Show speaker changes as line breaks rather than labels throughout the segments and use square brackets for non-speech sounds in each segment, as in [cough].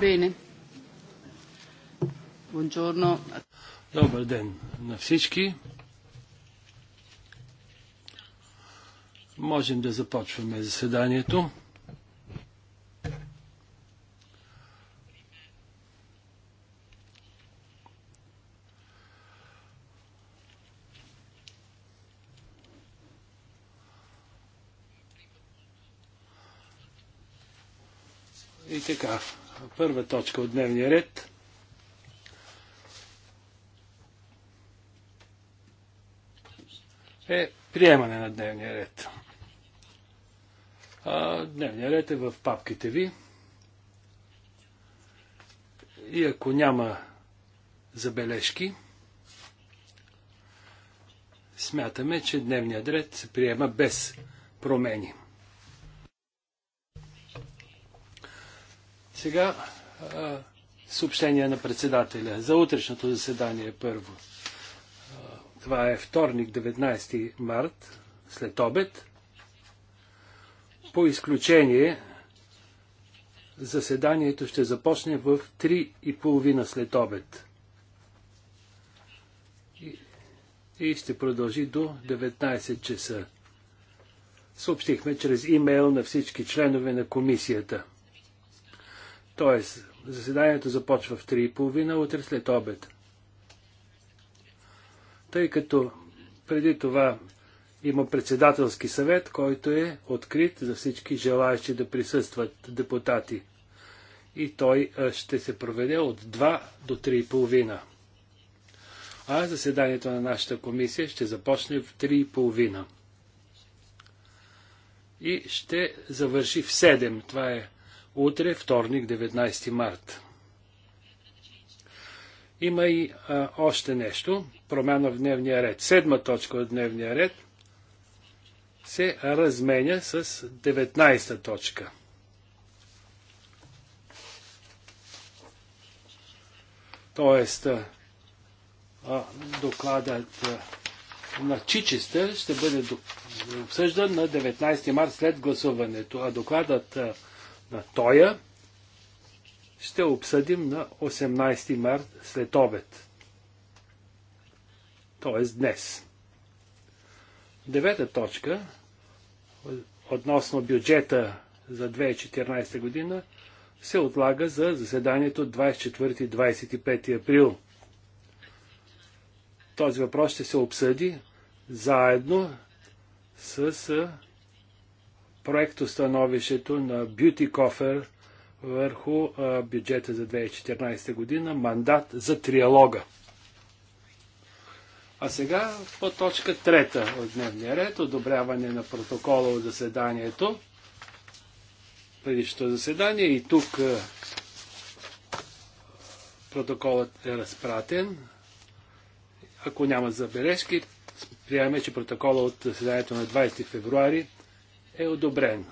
Bene. Buongiorno.
Добър ден на всички. Можем да започваме заседанието. И така, първа точка от дневния ред. е приемане на дневния ред. А, дневния ред е в папките ви. И ако няма забележки, смятаме, че дневният ред се приема без промени. Сега а, съобщение на председателя за утрешното заседание първо. А, това е вторник, 19 март, след обед. По изключение, заседанието ще започне в 3.30 след обед. И, и ще продължи до 19 часа. Съобщихме чрез имейл на всички членове на комисията. Тоест, заседанието започва в 3.30, утре след обед. Тъй като преди това има председателски съвет, който е открит за всички желаящи да присъстват депутати. И той ще се проведе от 2 до 3.30. А заседанието на нашата комисия ще започне в 3.30. И ще завърши в 7. Това е утре, вторник, 19 март. Има и а, още нещо, промяна в дневния ред. Седма точка от дневния ред се разменя с 19-та точка. Тоест, а, докладът а, на Чичестър ще бъде обсъждан на 19 март след гласуването, а докладът а, на Тоя ще обсъдим на 18 март след обед. Тоест днес. Девета точка относно бюджета за 2014 година се отлага за заседанието 24-25 април. Този въпрос ще се обсъди заедно с проектостановището на Beauty Coffer върху а, бюджета за 2014 година, мандат за триалога. А сега по точка трета от дневния ред, одобряване на протокола от заседанието. Предишното заседание и тук а, протоколът е разпратен. Ако няма забележки, приемаме, че протокола от заседанието на 20 февруари е одобрен.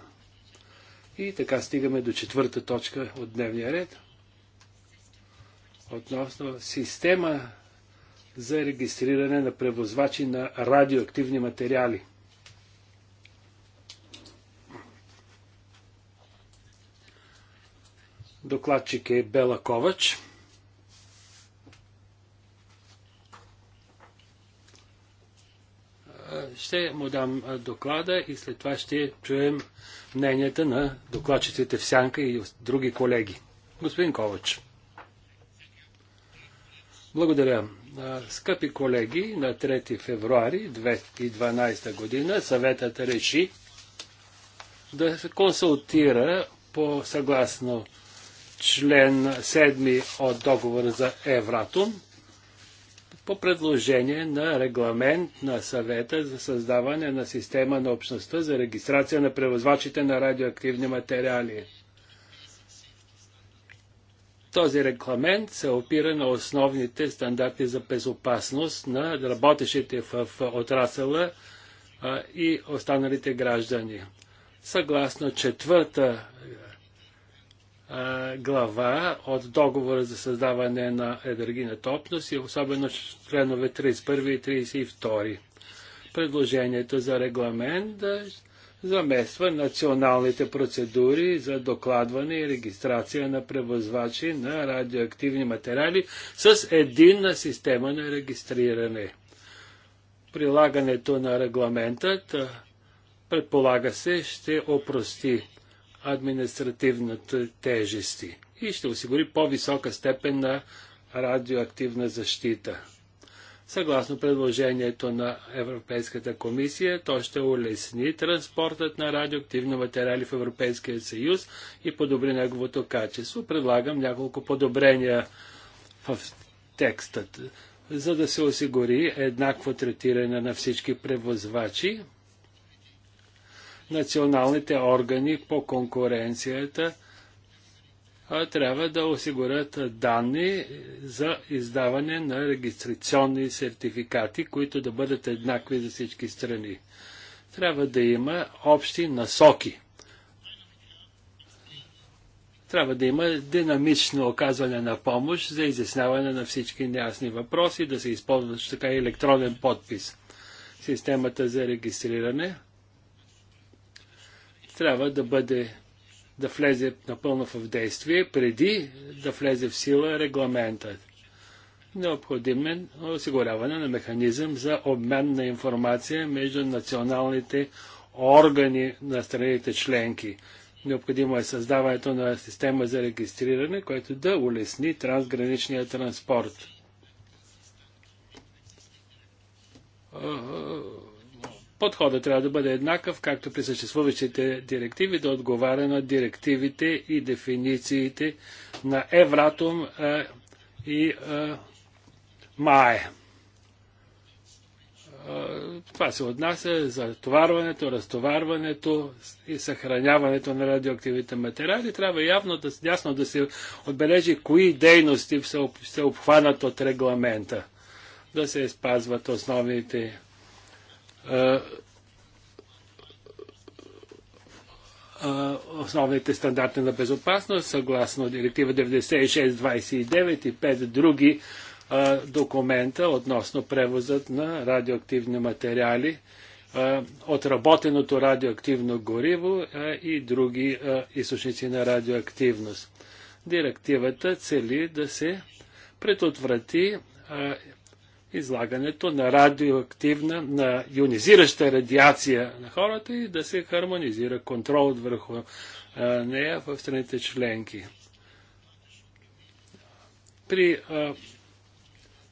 И така стигаме до четвърта точка от дневния ред. Относно система за регистриране на превозвачи на радиоактивни материали. Докладчик е Бела Ковач. ще му дам доклада и след това ще чуем мненията на докладчиците в Сянка и други колеги. Господин Ковач. Благодаря. Скъпи колеги, на 3 февруари 2012 година съветът реши да се консултира по съгласно член 7 от договора за Евратум по предложение на регламент на съвета за създаване на система на общността за регистрация на превозвачите на радиоактивни материали. Този регламент се опира на основните стандарти за безопасност на работещите в отрасъла и останалите граждани. Съгласно четвърта глава от договора за създаване на енергийната общност и особено членове 31 и 32. Предложението за регламент замества националните процедури за докладване и регистрация на превозвачи на радиоактивни материали с единна система на регистриране. Прилагането на регламентът предполага се ще опрости административната тежести и ще осигури по-висока степен на радиоактивна защита. Съгласно предложението на Европейската комисия, то ще улесни транспортът на радиоактивни материали в Европейския съюз и подобри неговото качество. Предлагам няколко подобрения в текстът, за да се осигури еднакво третиране на всички превозвачи, националните органи по конкуренцията трябва да осигурят данни за издаване на регистрационни сертификати, които да бъдат еднакви за всички страни. Трябва да има общи насоки. Трябва да има динамично оказване на помощ за изясняване на всички неясни въпроси, да се използва така и електронен подпис. Системата за регистриране – трябва да бъде да влезе напълно в действие, преди да влезе в сила регламентът. Необходим е осигуряване на механизъм за обмен на информация между националните органи на страните членки. Необходимо е създаването на система за регистриране, което да улесни трансграничния транспорт Подходът трябва да бъде еднакъв, както при съществуващите директиви, да отговаря на директивите и дефинициите на Евратум а, и а, МАЕ. Това се отнася за товарването, разтоварването и съхраняването на радиоактивните материали. Трябва явно да, ясно да се отбележи кои дейности се обхванат от регламента. Да се спазват основните основните стандарти на безопасност, съгласно директива 9629 и 5 други документа относно превозът на радиоактивни материали, отработеното радиоактивно гориво и други източници на радиоактивност. Директивата цели да се предотврати излагането на радиоактивна, на ионизираща радиация на хората и да се хармонизира контрол върху нея в страните членки. При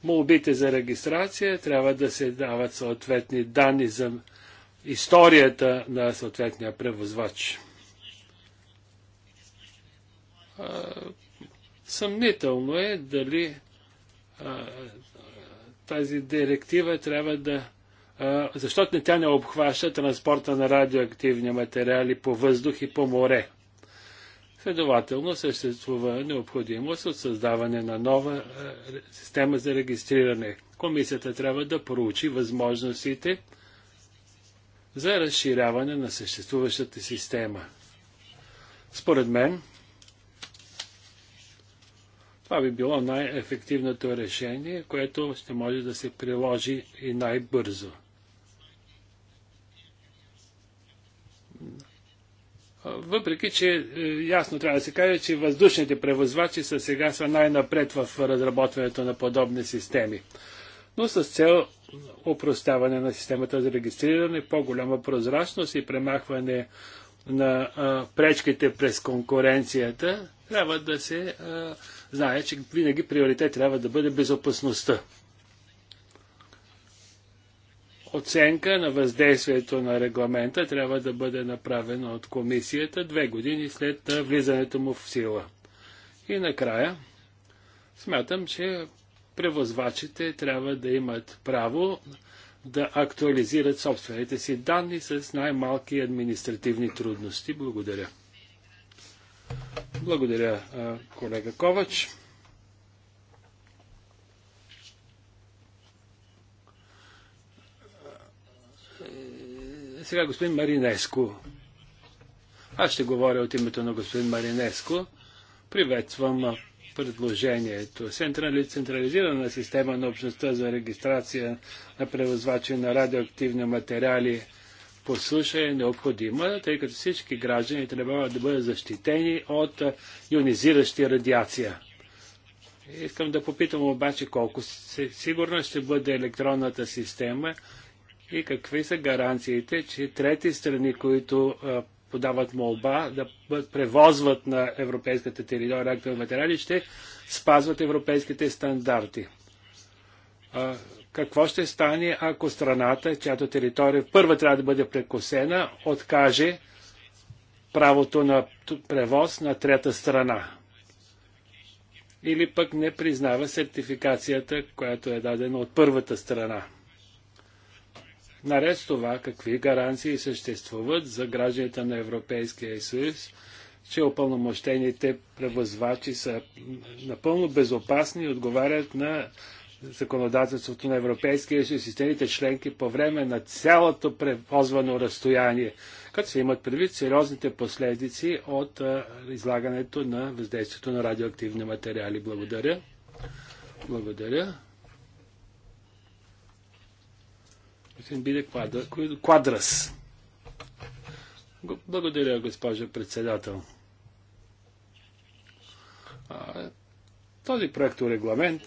молбите за регистрация трябва да се дават съответни данни за историята на съответния превозвач. съмнително е дали тази директива трябва да. Защото защото тя не обхваща транспорта на радиоактивни материали по въздух и по море. Следователно съществува необходимост от създаване на нова система за регистриране. Комисията трябва да проучи възможностите за разширяване на съществуващата система. Според мен, това би било най-ефективното решение, което ще може да се приложи и най-бързо. Въпреки, че е, ясно трябва да се каже, че въздушните превозвачи са сега са най-напред в разработването на подобни системи. Но с цел упростяване на системата за регистриране, по-голяма прозрачност и премахване на а, пречките през конкуренцията, трябва да се а, знае, че винаги приоритет трябва да бъде безопасността. Оценка на въздействието на регламента трябва да бъде направена от комисията две години след влизането му в сила. И накрая, смятам, че превозвачите трябва да имат право да актуализират собствените си данни с най-малки административни трудности. Благодаря. Благодаря, колега Ковач. Сега господин Маринеско. Аз ще говоря от името на господин Маринеско. Приветствам предложението. Централизирана система на общността за регистрация на превозвачи на радиоактивни материали по суша е необходима, тъй като всички граждани трябва да бъдат защитени от ионизиращи радиация. Искам да попитам обаче колко сигурна ще бъде електронната система и какви са гаранциите, че трети страни, които подават молба да превозват на европейската територия актови материали, ще спазват европейските стандарти. Какво ще стане, ако страната, чиято територия първа трябва да бъде прекосена, откаже правото на превоз на трета страна? Или пък не признава сертификацията, която е дадена от първата страна? Наред с това, какви гаранции съществуват за гражданите на Европейския съюз, че опълномощените превозвачи са напълно безопасни и отговарят на законодателството на Европейския съюз и страните членки по време на цялото превозвано разстояние, като се имат предвид сериозните последици от излагането на въздействието на радиоактивни материали. Благодаря. Благодаря. Господин Биде Квадрас. Благодаря, госпожа председател. този проект регламент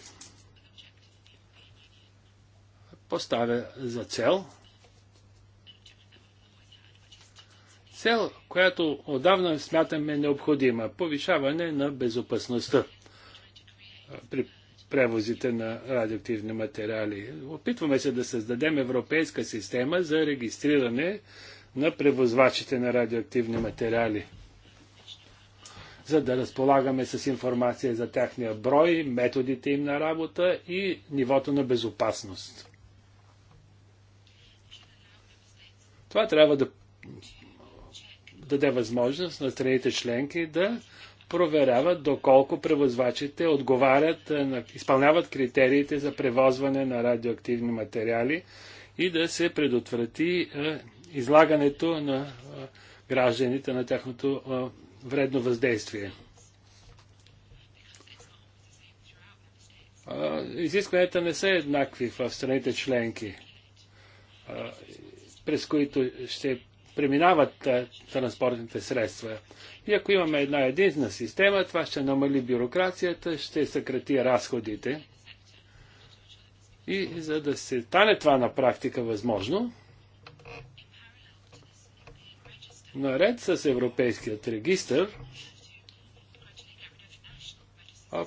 поставя за цел. Цел, която отдавна смятаме необходима повишаване на безопасността при превозите на радиоактивни материали. Опитваме се да създадем европейска система за регистриране на превозвачите на радиоактивни материали, за да разполагаме с информация за тяхния брой, методите им на работа и нивото на безопасност. Това трябва да даде възможност на страните членки да проверяват доколко превозвачите отговарят, е, изпълняват критериите за превозване на радиоактивни материали и да се предотврати е, излагането на е, гражданите на тяхното вредно въздействие. Изискванията не са еднакви в страните членки през които ще преминават транспортните средства. И ако имаме една единна система, това ще намали бюрокрацията, ще съкрати разходите. И за да се стане това на практика възможно, наред с Европейският регистр,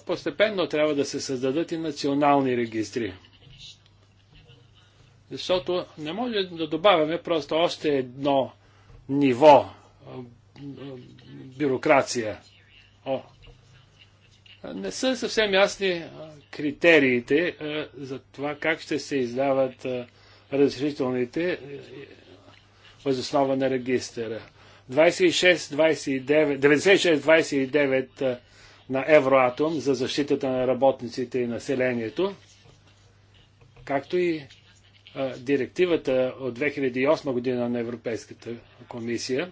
постепенно трябва да се създадат и национални регистри. Защото не може да добавяме просто още едно ниво бюрокрация. О. Не са съвсем ясни критериите за това как ще се издават разрешителните възоснова на регистъра. 96-29 на Евроатом за защитата на работниците и населението, както и директивата от 2008 година на Европейската комисия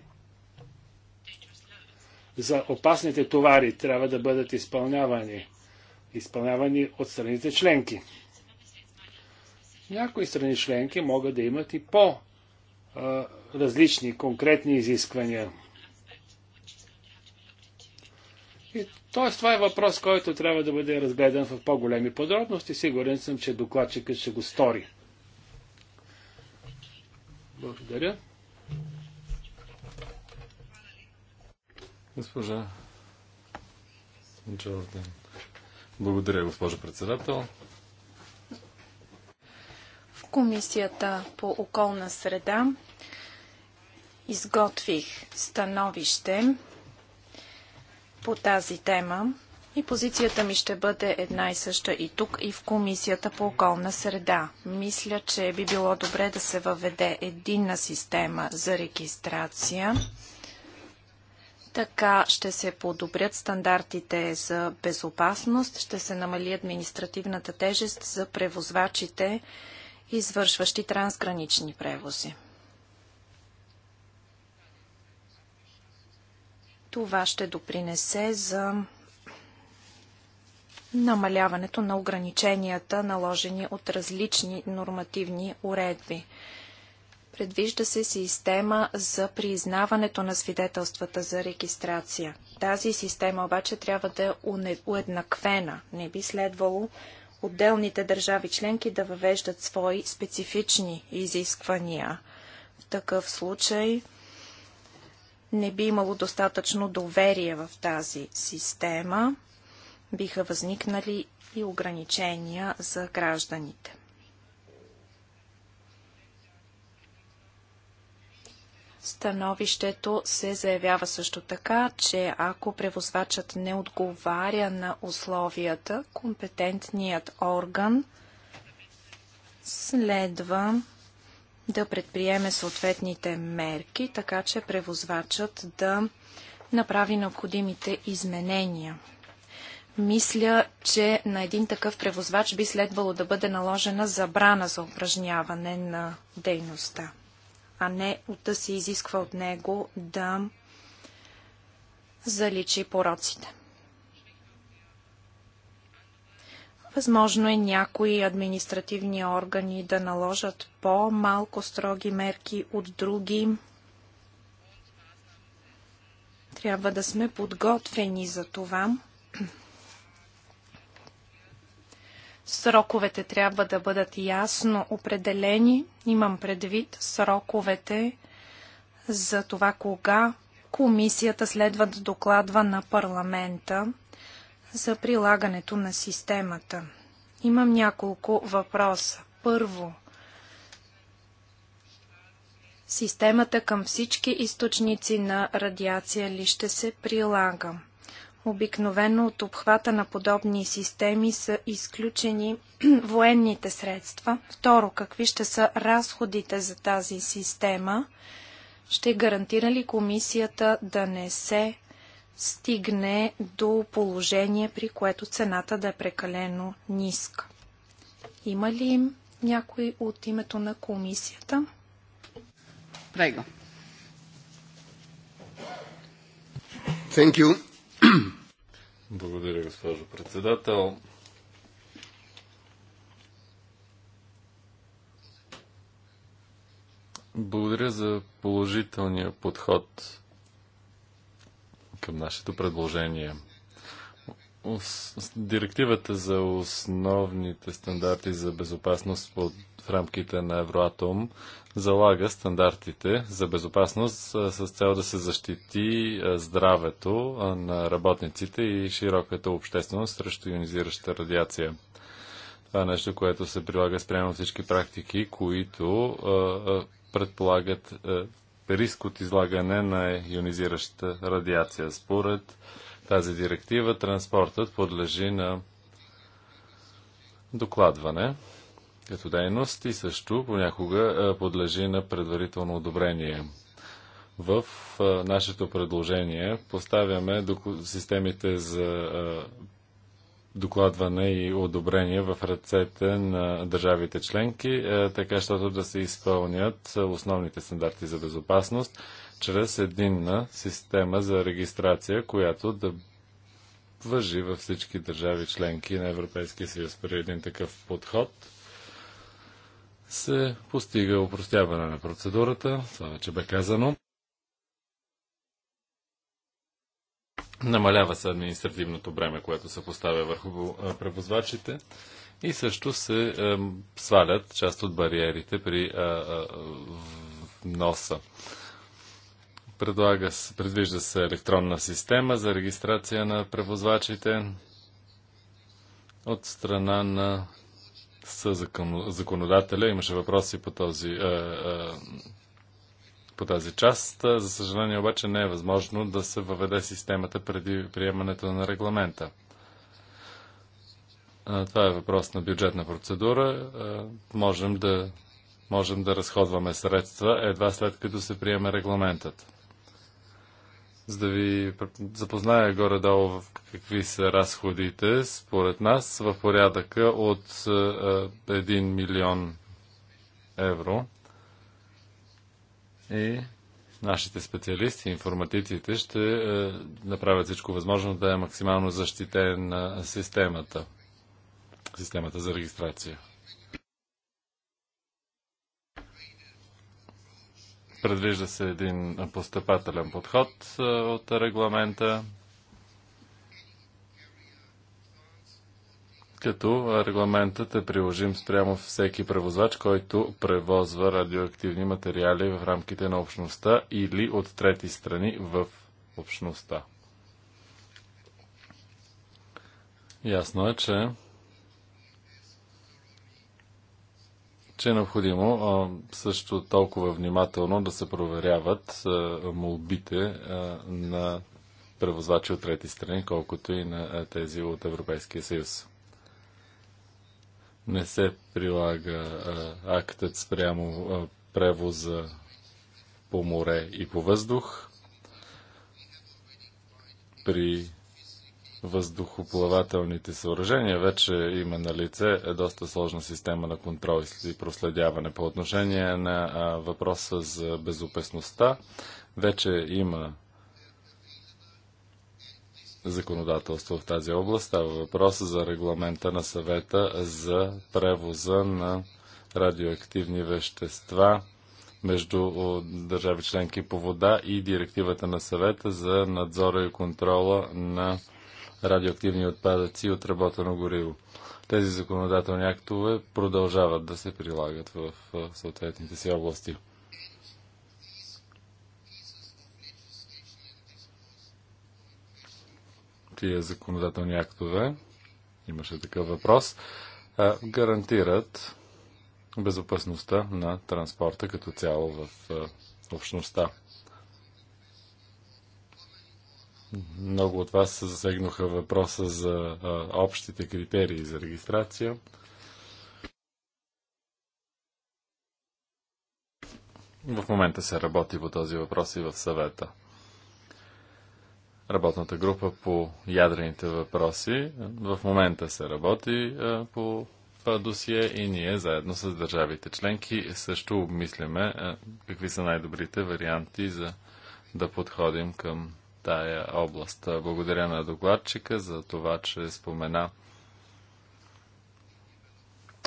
за опасните товари трябва да бъдат изпълнявани, изпълнявани от страните членки. Някои страни членки могат да имат и по-различни конкретни изисквания. И, т.е. това е въпрос, който трябва да бъде разгледан в по-големи подробности. Сигурен съм, че докладчикът ще го стори. Благодаря.
Госпожа Джордан. Благодаря, госпожо председател.
В Комисията по околна среда изготвих становище по тази тема. И позицията ми ще бъде една и съща и тук, и в Комисията по околна среда. Мисля, че би било добре да се въведе единна система за регистрация. Така ще се подобрят стандартите за безопасност, ще се намали административната тежест за превозвачите, извършващи трансгранични превози. Това ще допринесе за намаляването на ограниченията, наложени от различни нормативни уредби. Предвижда се система за признаването на свидетелствата за регистрация. Тази система обаче трябва да е уеднаквена. Не би следвало отделните държави членки да въвеждат свои специфични изисквания. В такъв случай не би имало достатъчно доверие в тази система биха възникнали и ограничения за гражданите. Становището се заявява също така, че ако превозвачът не отговаря на условията, компетентният орган следва да предприеме съответните мерки, така че превозвачът да направи необходимите изменения мисля, че на един такъв превозвач би следвало да бъде наложена забрана за упражняване на дейността, а не да се изисква от него да заличи пороците. Възможно е някои административни органи да наложат по-малко строги мерки от други. Трябва да сме подготвени за това. Сроковете трябва да бъдат ясно определени. Имам предвид сроковете за това кога комисията следва да докладва на парламента за прилагането на системата. Имам няколко въпроса. Първо, системата към всички източници на радиация ли ще се прилага? Обикновено от обхвата на подобни системи са изключени [clears throat] военните средства. Второ, какви ще са разходите за тази система? Ще гарантира ли комисията да не се стигне до положение, при което цената да е прекалено ниска? Има ли някой от името на комисията?
Прего. Thank you. Благодаря, госпожо председател. Благодаря за положителния подход към нашето предложение директивата за основните стандарти за безопасност под, в рамките на Евроатом залага стандартите за безопасност с, цел да се защити здравето на работниците и широката общественост срещу ионизираща радиация. Това е нещо, което се прилага спрямо всички практики, които предполагат риск от излагане на ионизираща радиация. Според тази директива транспортът подлежи на докладване като дейност и също понякога е, подлежи на предварително одобрение. В е, нашето предложение поставяме системите за е, докладване и одобрение в ръцете на държавите членки, така щото да се изпълнят основните стандарти за безопасност, чрез единна система за регистрация, която да въжи във всички държави членки на Европейския съюз. При един такъв подход се постига упростяване на процедурата, това вече бе казано. Намалява се административното бреме, което се поставя върху превозвачите и също се е, свалят част от бариерите при е, е, носа. Предлага, предвижда се електронна система за регистрация на превозвачите от страна на законодателя. Имаше въпроси по този е, е, по тази част. За съжаление обаче не е възможно да се въведе системата преди приемането на регламента. Е, това е въпрос на бюджетна процедура. Можем да, можем да разходваме средства едва след като се приеме регламентът за да ви запозная горе-долу в какви са разходите, според нас в порядъка от 1 е, е, милион евро. И нашите специалисти, информатиците ще е, направят всичко възможно да е максимално защитена системата, системата за регистрация. Предвижда се един постъпателен подход от регламента, като регламентът е приложим спрямо всеки превозвач, който превозва радиоактивни материали в рамките на общността или от трети страни в общността. Ясно е, че че е необходимо също толкова внимателно да се проверяват молбите на превозвачи от трети страни, колкото и на тези от Европейския съюз. Не се прилага актът спрямо превоза по море и по въздух при въздухоплавателните съоръжения. Вече има на лице е доста сложна система на контрол и проследяване. По отношение на въпроса за безопасността, вече има законодателство в тази област. Става въпрос за регламента на съвета за превоза на радиоактивни вещества между държави членки по вода и директивата на съвета за надзора и контрола на радиоактивни отпадъци и отработено гориво. Тези законодателни актове продължават да се прилагат в съответните си области. Тия законодателни актове, имаше такъв въпрос, гарантират безопасността на транспорта като цяло в общността. Много от вас засегнаха въпроса за а, общите критерии за регистрация. В момента се работи по този въпрос и в съвета. Работната група по ядрените въпроси в момента се работи а, по това досие и ние заедно с държавите членки също обмисляме а, какви са най-добрите варианти за да подходим към тая област. Благодаря на докладчика за това, че спомена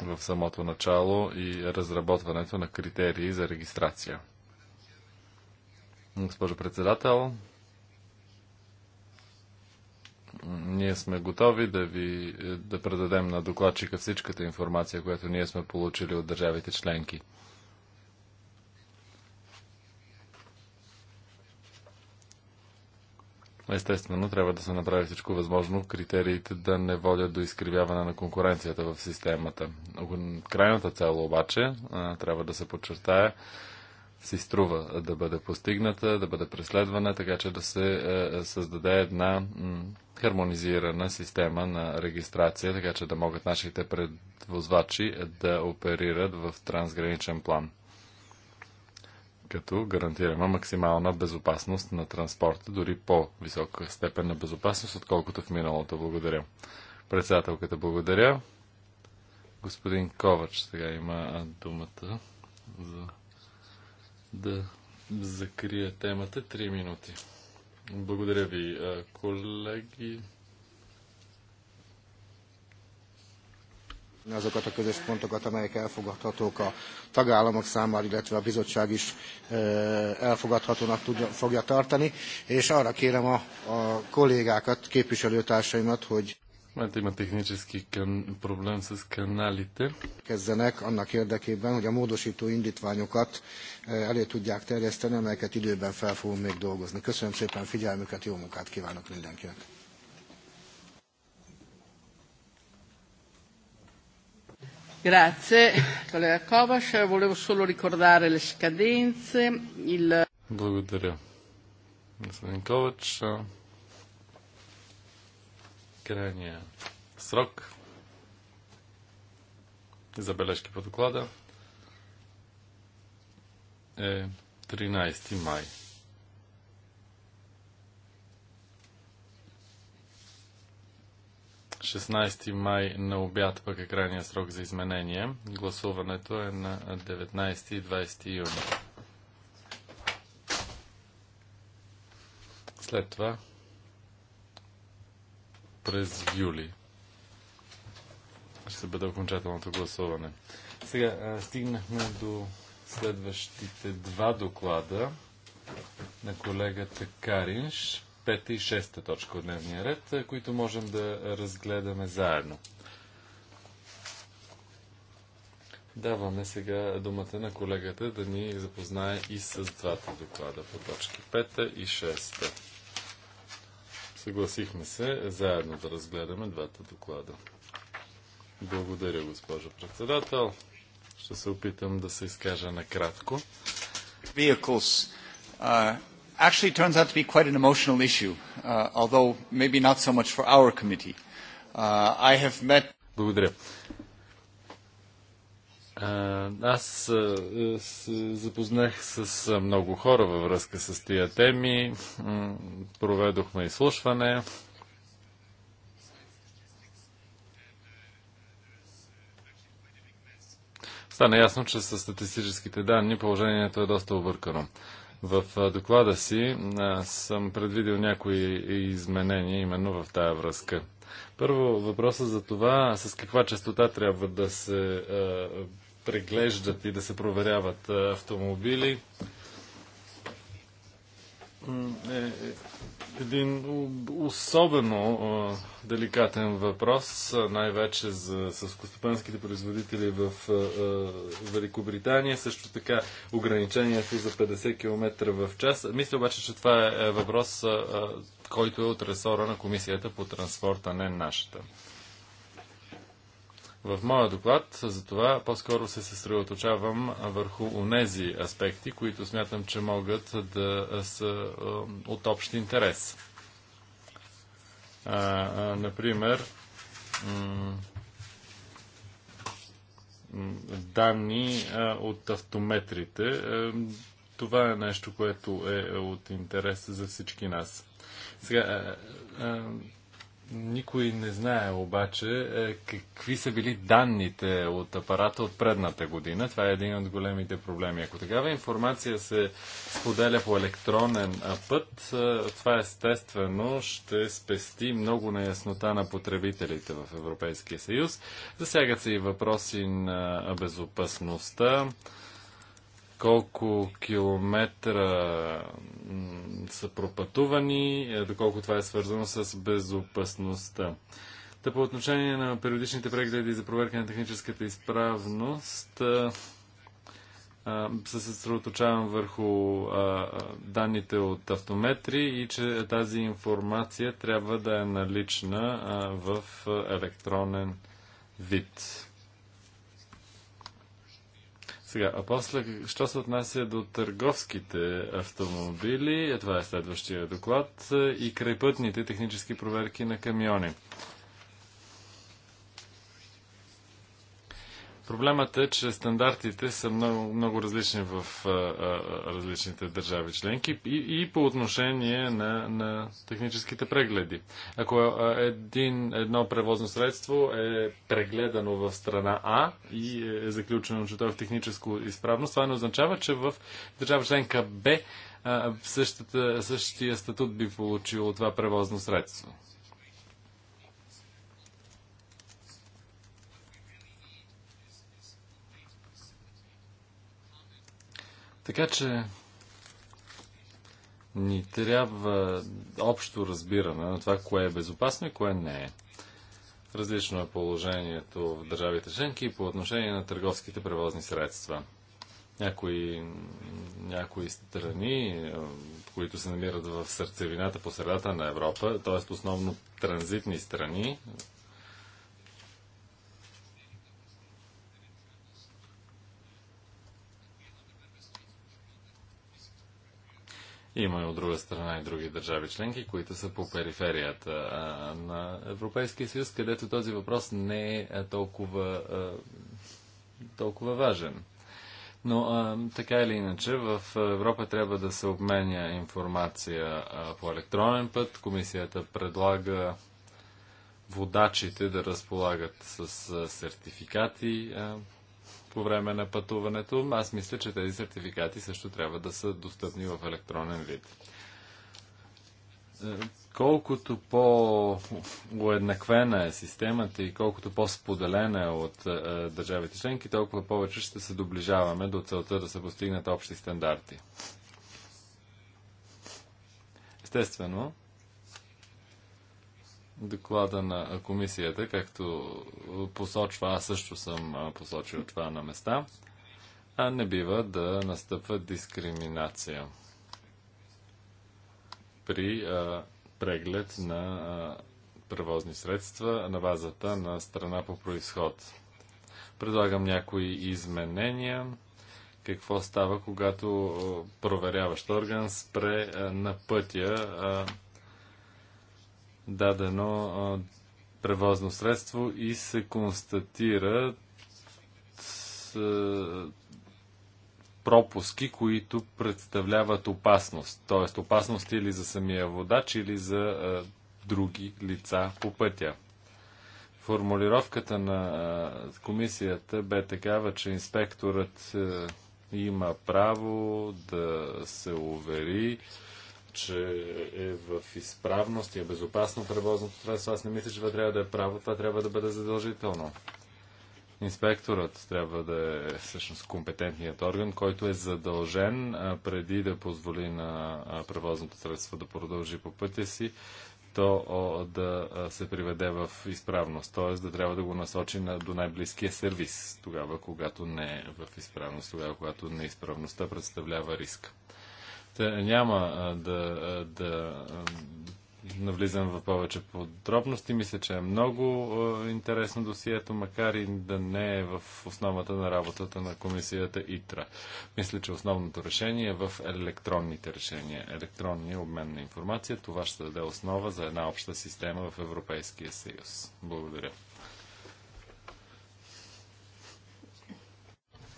в самото начало и разработването на критерии за регистрация. Госпожо председател, ние сме готови да ви да предадем на докладчика всичката информация, която ние сме получили от държавите членки. Естествено, трябва да се направи всичко възможно критериите да не водят до изкривяване на конкуренцията в системата. Крайната цел обаче трябва да се подчертая си струва да бъде постигната, да бъде преследвана, така че да се е, е, създаде една хармонизирана система на регистрация, така че да могат нашите предвозвачи да оперират в трансграничен план като гарантираме максимална безопасност на транспорта, дори по-висока степен на безопасност, отколкото в миналото. Благодаря. Председателката, благодаря. Господин Ковач сега има думата за да закрия темата. Три минути. Благодаря ви, колеги. azokat a közös pontokat, amelyek elfogadhatók a tagállamok számára, illetve a bizottság is elfogadhatónak tudja, fogja tartani, és arra kérem a, a kollégákat, képviselőtársaimat, hogy Mert Kezdenek annak érdekében, hogy a módosító
indítványokat elő tudják terjeszteni, amelyeket időben fel fogunk még dolgozni. Köszönöm szépen figyelmüket, jó munkát kívánok mindenkinek! Grazie, collega Kovac. Volevo solo ricordare le scadenze. Il...
Благодаря. Господин Ковач, крайния срок бележки по доклада е 13 май 16 май на обяд пък е крайния срок за изменение. Гласуването е на 19 и 20 юни. След това през юли ще бъде окончателното гласуване. Сега стигнахме до следващите два доклада на колегата Каринш пета и шеста точка от дневния ред, е, които можем да разгледаме заедно. Даваме сега думата на колегата да ни запознае и с двата доклада по точки 5 и 6. Съгласихме се заедно да разгледаме двата доклада. Благодаря, госпожо председател. Ще се опитам да се
изкажа накратко. Vehicles, uh actually turns out to be quite an emotional issue, uh, although maybe not so much for our committee. Uh, I
have met... Благодаря. Аз се запознах с много хора във връзка с тия теми. Проведохме изслушване. Стана ясно, че с статистическите данни положението е доста объркано. В доклада си съм предвидил някои изменения именно в тая връзка. Първо въпросът за това с каква частота трябва да се а, преглеждат и да се проверяват автомобили. Е, е един особено а, деликатен въпрос, най-вече за съскостопанските производители в а, Великобритания, също така ограничението за 50 км в час. Мисля обаче, че това е, е въпрос, а, който е от ресора на Комисията по транспорта, не нашата. В моя доклад за това по-скоро се съсредоточавам върху онези аспекти, които смятам, че могат да са от общ интерес. А, например, данни от автометрите. Това е нещо, което е, е от интерес за всички нас. Сега, никой не знае обаче е, какви са били данните от апарата от предната година. Това е един от големите проблеми. Ако такава информация се споделя по електронен път, е, това естествено ще спести много неяснота на потребителите в Европейския съюз. Засягат се и въпроси на безопасността, колко километра са пропътувани, е, доколко това е свързано с безопасността. Та по отношение на периодичните прегледи за проверка на техническата изправност, е, се съсредоточавам върху данните от автометри и че тази информация трябва да е налична в електронен вид. Сега, а после, що се отнася до търговските автомобили, е това е следващия доклад, е, и крайпътните технически проверки на камиони. Проблемът е, че стандартите са много, много различни в а, а, различните държави членки и, и по отношение на, на техническите прегледи. Ако един, едно превозно средство е прегледано в страна А и е, е заключено, че то е в техническо изправност, това не означава, че в държава членка Б същата, същия статут би получило това превозно средство. Така че ни трябва общо разбиране на това, кое е безопасно и кое не е. Различно е положението в държавите членки по отношение на търговските превозни средства. Някои, някои страни, които се намират в сърцевината по средата на Европа, т.е. основно транзитни страни, Има и от друга страна и други държави членки, които са по периферията а, на Европейския съюз, където този въпрос не е толкова, а, толкова важен. Но а, така или иначе, в Европа трябва да се обменя информация а, по електронен път. Комисията предлага водачите да разполагат с а, сертификати. А, по време на пътуването. Аз мисля, че тези сертификати също трябва да са достъпни в електронен вид. Е, колкото по-уеднаквена е системата и колкото по-споделена е от е, държавите членки, толкова повече ще се доближаваме до целта да се постигнат общи стандарти. Естествено, доклада на комисията, както посочва, аз също съм посочил това на места, а не бива да настъпва дискриминация при а, преглед на а, превозни средства на базата на страна по происход. Предлагам някои изменения. Какво става, когато проверяващ орган спре а, на пътя а, дадено превозно средство и се констатират пропуски, които представляват опасност. Т.е. опасност или за самия водач, или за а, други лица по пътя. Формулировката на комисията бе такава, че инспекторът има право да се увери, че е в изправност и е безопасно превозното средство. Аз не мисля, че това трябва да е право, това трябва да бъде задължително. Инспекторът трябва да е всъщност компетентният орган, който е задължен а, преди да позволи на превозното средство да продължи по пътя си, то о, да се приведе в изправност. Т.е. да трябва да го насочи на, до най-близкия сервис, тогава когато не е в изправност, тогава когато неизправността представлява риск. Те, няма да, да навлизам в повече подробности. Мисля, че е много интересно досието, макар и да не е в основата на работата на комисията ИТРА. Мисля, че основното решение е в електронните решения. Електронния обмен на информация. Това ще даде основа за една обща система в Европейския съюз. Благодаря.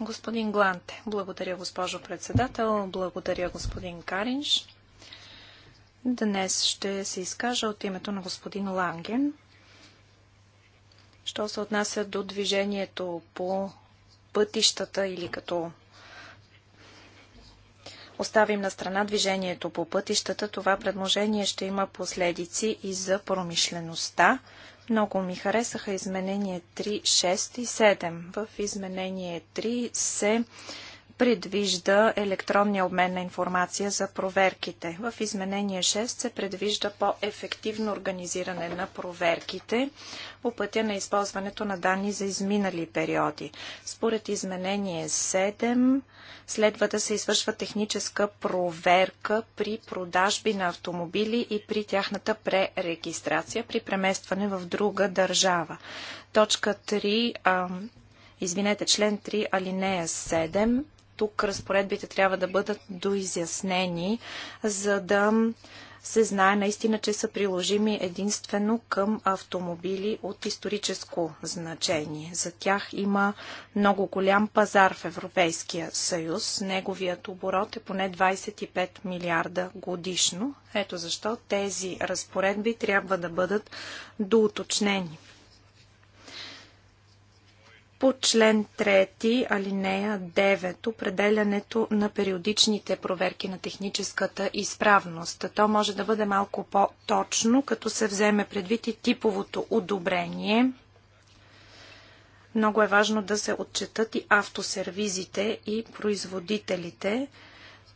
Господин Гланте. Благодаря, госпожо председател. Благодаря, господин Каринш. Днес ще се изкажа от името на господин Ланген. Що се отнася до движението по пътищата или като оставим на страна движението по пътищата, това предложение ще има последици и за промишлеността. Много ми харесаха изменение 3, 6 и 7. В изменение 3 се предвижда електронния обмен на информация за проверките. В изменение 6 се предвижда по-ефективно организиране на проверките по пътя на използването на данни за изминали периоди. Според изменение 7 следва да се извършва техническа проверка при продажби на автомобили и при тяхната пререгистрация при преместване в друга държава. Точка 3 а, Извинете, член 3, алинея 7 тук разпоредбите трябва да бъдат доизяснени, за да се знае наистина, че са приложими единствено към автомобили от историческо значение. За тях има много голям пазар в Европейския съюз. Неговият оборот е поне 25 милиарда годишно. Ето защо тези разпоредби трябва да бъдат доуточнени по член 3, алинея 9, определянето на периодичните проверки на техническата изправност. То може да бъде малко по-точно, като се вземе предвид и типовото одобрение. Много е важно да се отчетат и автосервизите и производителите.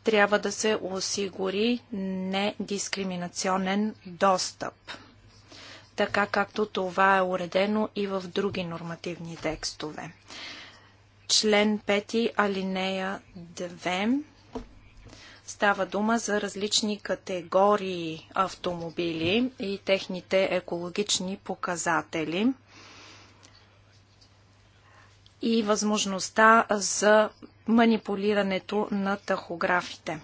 Трябва да се осигури недискриминационен достъп така както това е уредено и в други нормативни текстове. Член 5, алинея 2 Става дума за различни категории автомобили и техните екологични показатели и възможността за манипулирането на тахографите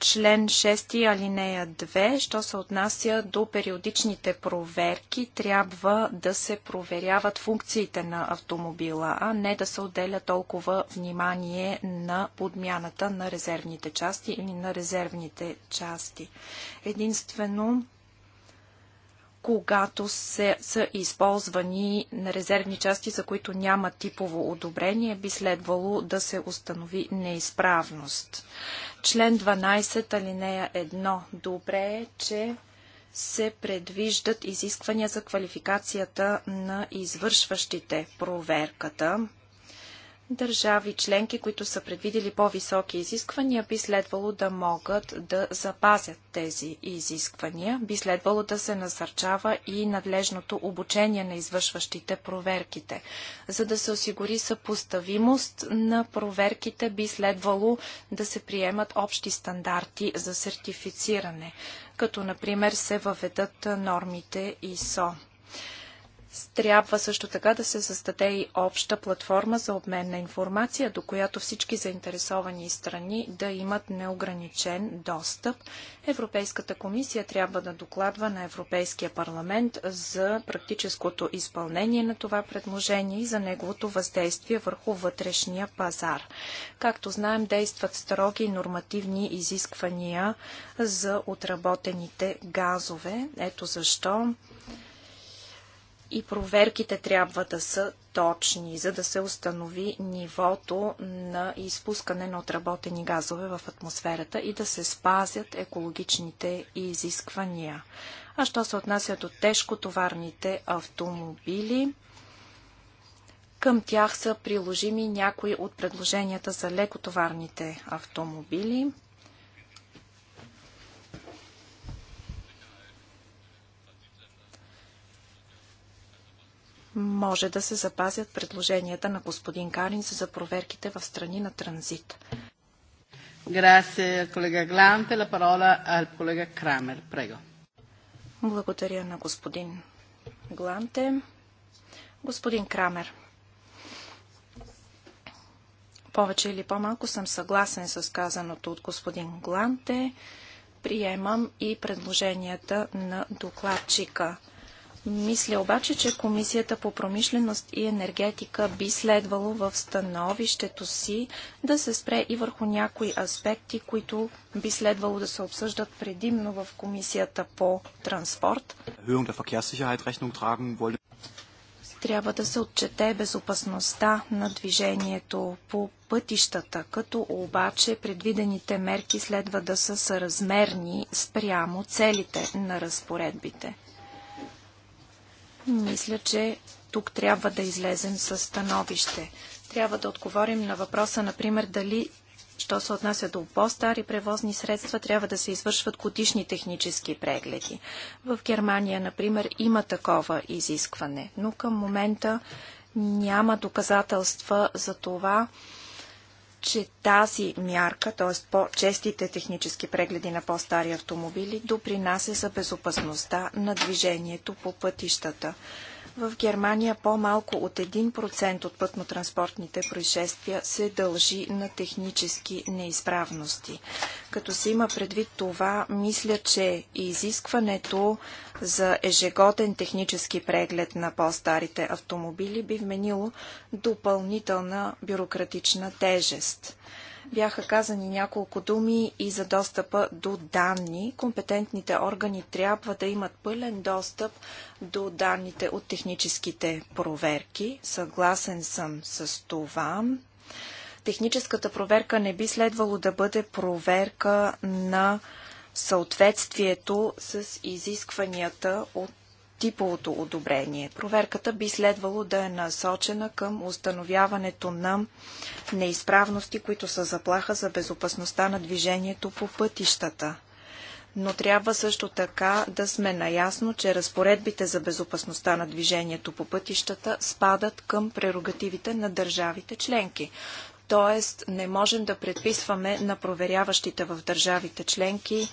член 6 алинея 2, що се отнася до периодичните проверки, трябва да се проверяват функциите на автомобила, а не да се отделя толкова внимание на подмяната на резервните части или на резервните части. Единствено когато се, са използвани на резервни части, за които няма типово одобрение, би следвало да се установи неизправност. Член 12, алинея 1. Добре е, че се предвиждат изисквания за квалификацията на извършващите проверката. Държави членки, които са предвидели по-високи изисквания, би следвало да могат да запазят тези изисквания. Би следвало да се насърчава и надлежното обучение на извършващите проверките. За да се осигури съпоставимост на проверките, би следвало да се приемат общи стандарти за сертифициране, като например се въведат нормите ИСО. Трябва също така да се създаде и обща платформа за обмен на информация, до която всички заинтересовани страни да имат неограничен достъп. Европейската комисия трябва да докладва на Европейския парламент за практическото изпълнение на това предложение и за неговото въздействие върху вътрешния пазар. Както знаем, действат строги нормативни изисквания за отработените газове. Ето защо и проверките трябва да са точни, за да се установи нивото на изпускане на отработени газове в атмосферата и да се спазят екологичните изисквания. А що се отнася до тежкотоварните автомобили, към тях са приложими някои от предложенията за лекотоварните автомобили. може да се запазят предложенията на господин Каринс за проверките в страни на транзит. Благодаря на господин Гланте. Господин Крамер, повече или по-малко съм съгласен с казаното от господин Гланте. Приемам и предложенията на докладчика. Мисля обаче, че Комисията по промишленост и енергетика би следвало в становището си да се спре и върху някои аспекти, които би следвало да се обсъждат предимно в Комисията по транспорт. Трябва да се отчете безопасността на движението по пътищата, като обаче предвидените мерки следва да са съразмерни спрямо целите на разпоредбите. Мисля, че тук трябва да излезем с становище. Трябва да отговорим на въпроса, например, дали Що се отнася до по-стари превозни средства, трябва да се извършват годишни технически прегледи. В Германия, например, има такова изискване, но към момента няма доказателства за това, че тази мярка, т.е. по-честите технически прегледи на по-стари автомобили, допринася за безопасността на движението по пътищата. В Германия по-малко от 1% от пътно-транспортните происшествия се дължи на технически неизправности. Като се има предвид това, мисля, че изискването за ежегоден технически преглед на по-старите автомобили би вменило допълнителна бюрократична тежест. Бяха казани няколко думи и за достъпа до данни. Компетентните органи трябва да имат пълен достъп до данните от техническите проверки. Съгласен съм с това. Техническата проверка не би следвало да бъде проверка на съответствието с изискванията от типовото одобрение. Проверката би следвало да е насочена към установяването на неизправности, които са заплаха за безопасността на движението по пътищата. Но трябва също така да сме наясно, че разпоредбите за безопасността на движението по пътищата спадат към прерогативите на държавите членки Тоест, не можем да предписваме на проверяващите в държавите членки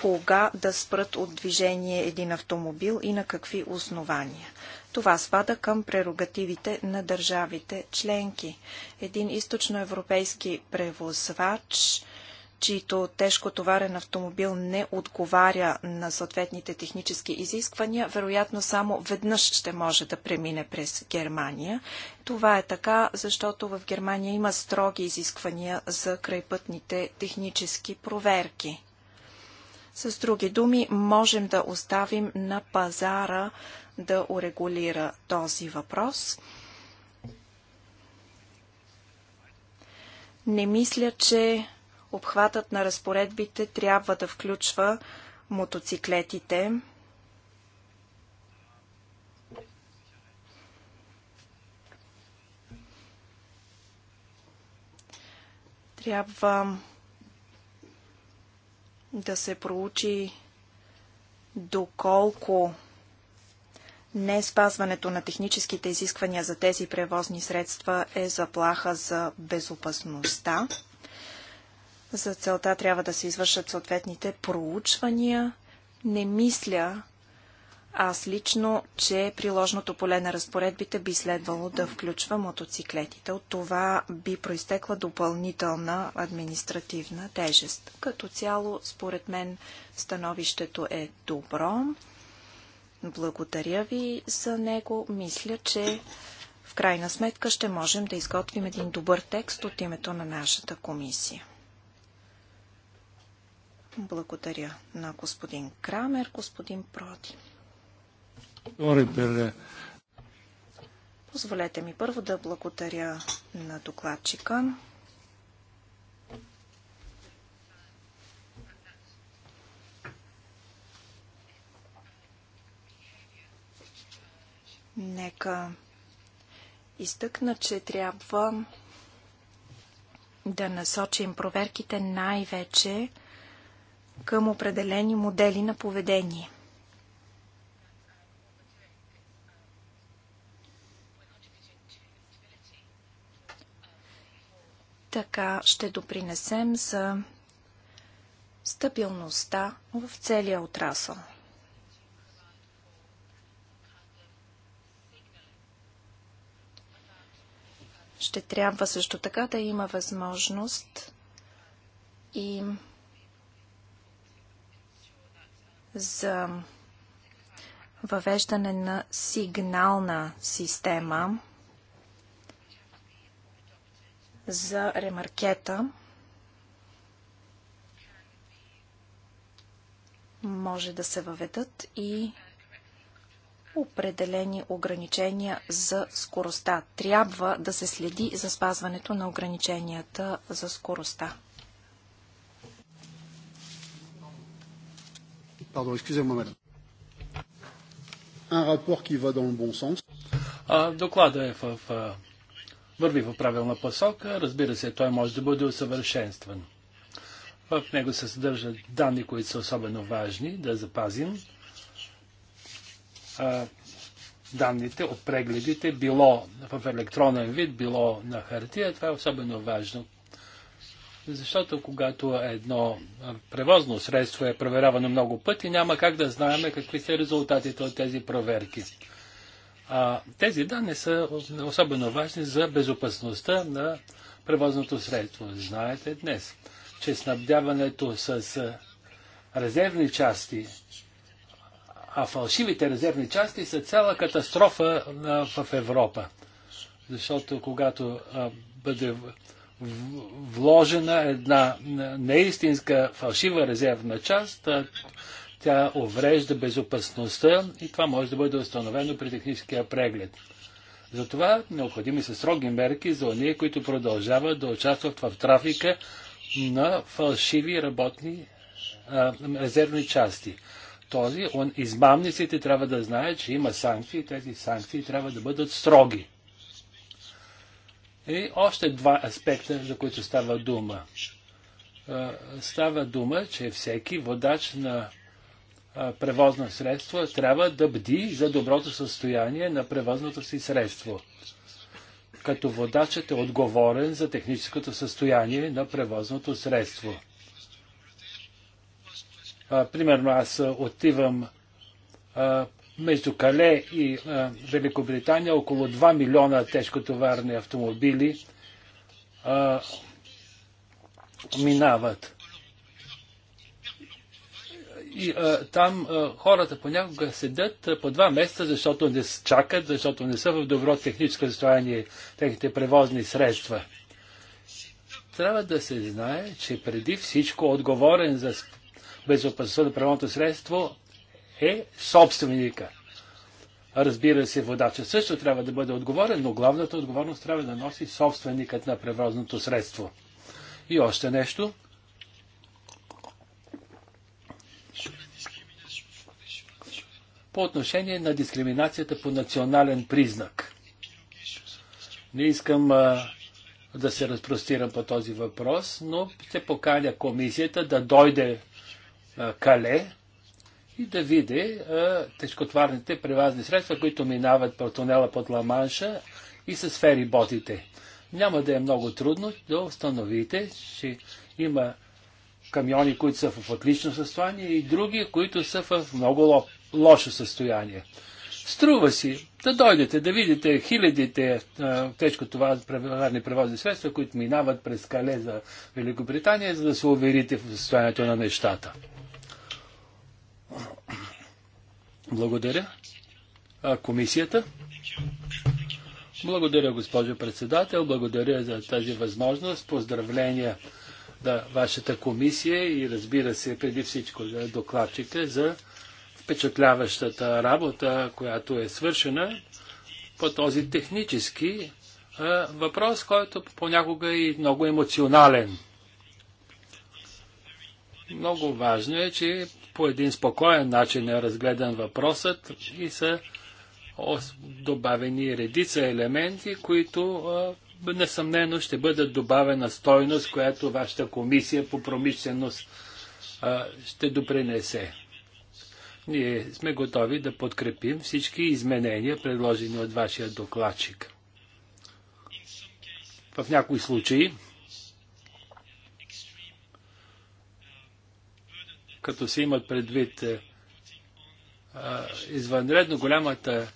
кога да спрат от движение един автомобил и на какви основания. Това спада към прерогативите на държавите членки. Един източноевропейски превозвач чието тежкотоварен автомобил не отговаря на съответните технически изисквания, вероятно само веднъж ще може да премине през Германия. Това е така, защото в Германия има строги изисквания за крайпътните технически проверки. С други думи, можем да оставим на пазара да урегулира този въпрос. Не мисля, че обхватът на разпоредбите трябва да включва мотоциклетите. Трябва да се проучи доколко не спазването на техническите изисквания за тези превозни средства е заплаха за безопасността. За целта трябва да се извършат съответните проучвания. Не мисля, аз лично, че приложното поле на разпоредбите би следвало да включва мотоциклетите. От това би проистекла допълнителна административна тежест. Като цяло, според мен, становището е добро. Благодаря ви за него. Мисля, че в крайна сметка ще можем да изготвим един добър текст от името на нашата комисия. Благодаря на господин Крамер, господин Проди. Позволете ми първо да благодаря на докладчика. Нека изтъкна, че трябва да насочим проверките най-вече към определени модели на поведение. Така ще допринесем за стабилността в целия отрасъл. Ще трябва също така да има възможност и за въвеждане на сигнална система – за ремаркета може да се въведат и определени ограничения за скоростта. Трябва да се следи за спазването на ограниченията за скоростта.
Доклада е в, в върви в правилна посока. Разбира се, той може да бъде усъвършенстван. В него се съдържат данни, които са особено важни да запазим. А, данните от прегледите, било в електронен вид, било на хартия, това е особено важно. Защото когато едно превозно средство е проверявано много пъти, няма как да знаем какви са резултатите от тези проверки. А, тези данни са особено важни за безопасността на превозното средство. Знаете днес, че снабдяването с резервни части, а фалшивите резервни части са цяла катастрофа в Европа. Защото когато а, бъде вложена една неистинска фалшива резервна част, тя уврежда безопасността и това може да бъде установено при техническия преглед. Затова необходими са строги мерки за ония, които продължават да участват в трафика на фалшиви работни а, резервни части. Този, он, измамниците трябва да знаят, че има санкции и тези санкции трябва да бъдат строги. И още два аспекта, за които става дума. А, става дума, че всеки водач на превозно средство, трябва да бди за доброто състояние на превозното си средство. Като водачът е отговорен за техническото състояние на превозното средство. А, примерно аз отивам а, между Кале и а, Великобритания около 2 милиона тежкотоварни автомобили а, минават. И а, там а, хората понякога седят а, по два месеца, защото не чакат, защото не са в добро техническо състояние техните превозни средства. Трябва да се знае, че преди всичко отговорен за безопасността на превозното средство е собственика. Разбира се, водача също трябва да бъде отговорен, но главната отговорност трябва да носи собственикът на превозното средство. И още нещо – по отношение на дискриминацията по национален признак. Не искам а, да се разпростирам по този въпрос, но ще поканя комисията да дойде а, кале и да види а, тежкотварните превазни средства, които минават по тунела под Ламанша и с фериботите. Няма да е много трудно да установите, че има камиони, които са в отлично състояние и други, които са в много лошо състояние. Струва си да дойдете, да видите хилядите а, тежко товарни превозни средства, които минават през Кале за Великобритания, за да се уверите в състоянието на нещата. Благодаря. А, комисията? Благодаря, госпожо председател. Благодаря за тази възможност. Поздравления да вашата комисия и разбира се преди всичко за докладчика за впечатляващата работа, която е свършена по този технически е, въпрос, който понякога е и много емоционален. Много важно е, че по един спокоен начин е разгледан въпросът и са добавени редица елементи, които е, несъмнено ще бъдат добавена стойност, която вашата комисия по промишленост е, ще допринесе. Ние сме готови да подкрепим всички изменения, предложени от вашия докладчик. В някои случаи, като се имат предвид е, а, извънредно голямата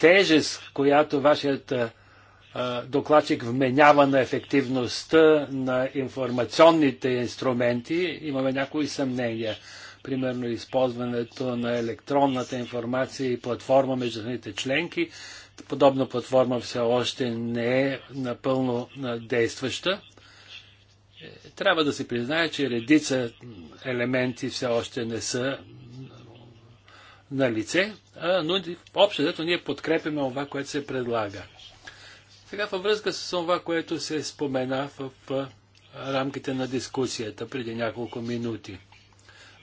тежест, която вашият е, а, докладчик вменява на ефективността на информационните инструменти, имаме някои съмнения примерно използването на електронната информация и платформа между страните членки. Подобна платформа все още не е напълно действаща. Е, трябва да се признае, че редица елементи все още не са на лице, но общо зато ние подкрепяме това, което се предлага. Сега във връзка с това, което се спомена в рамките на дискусията преди няколко минути –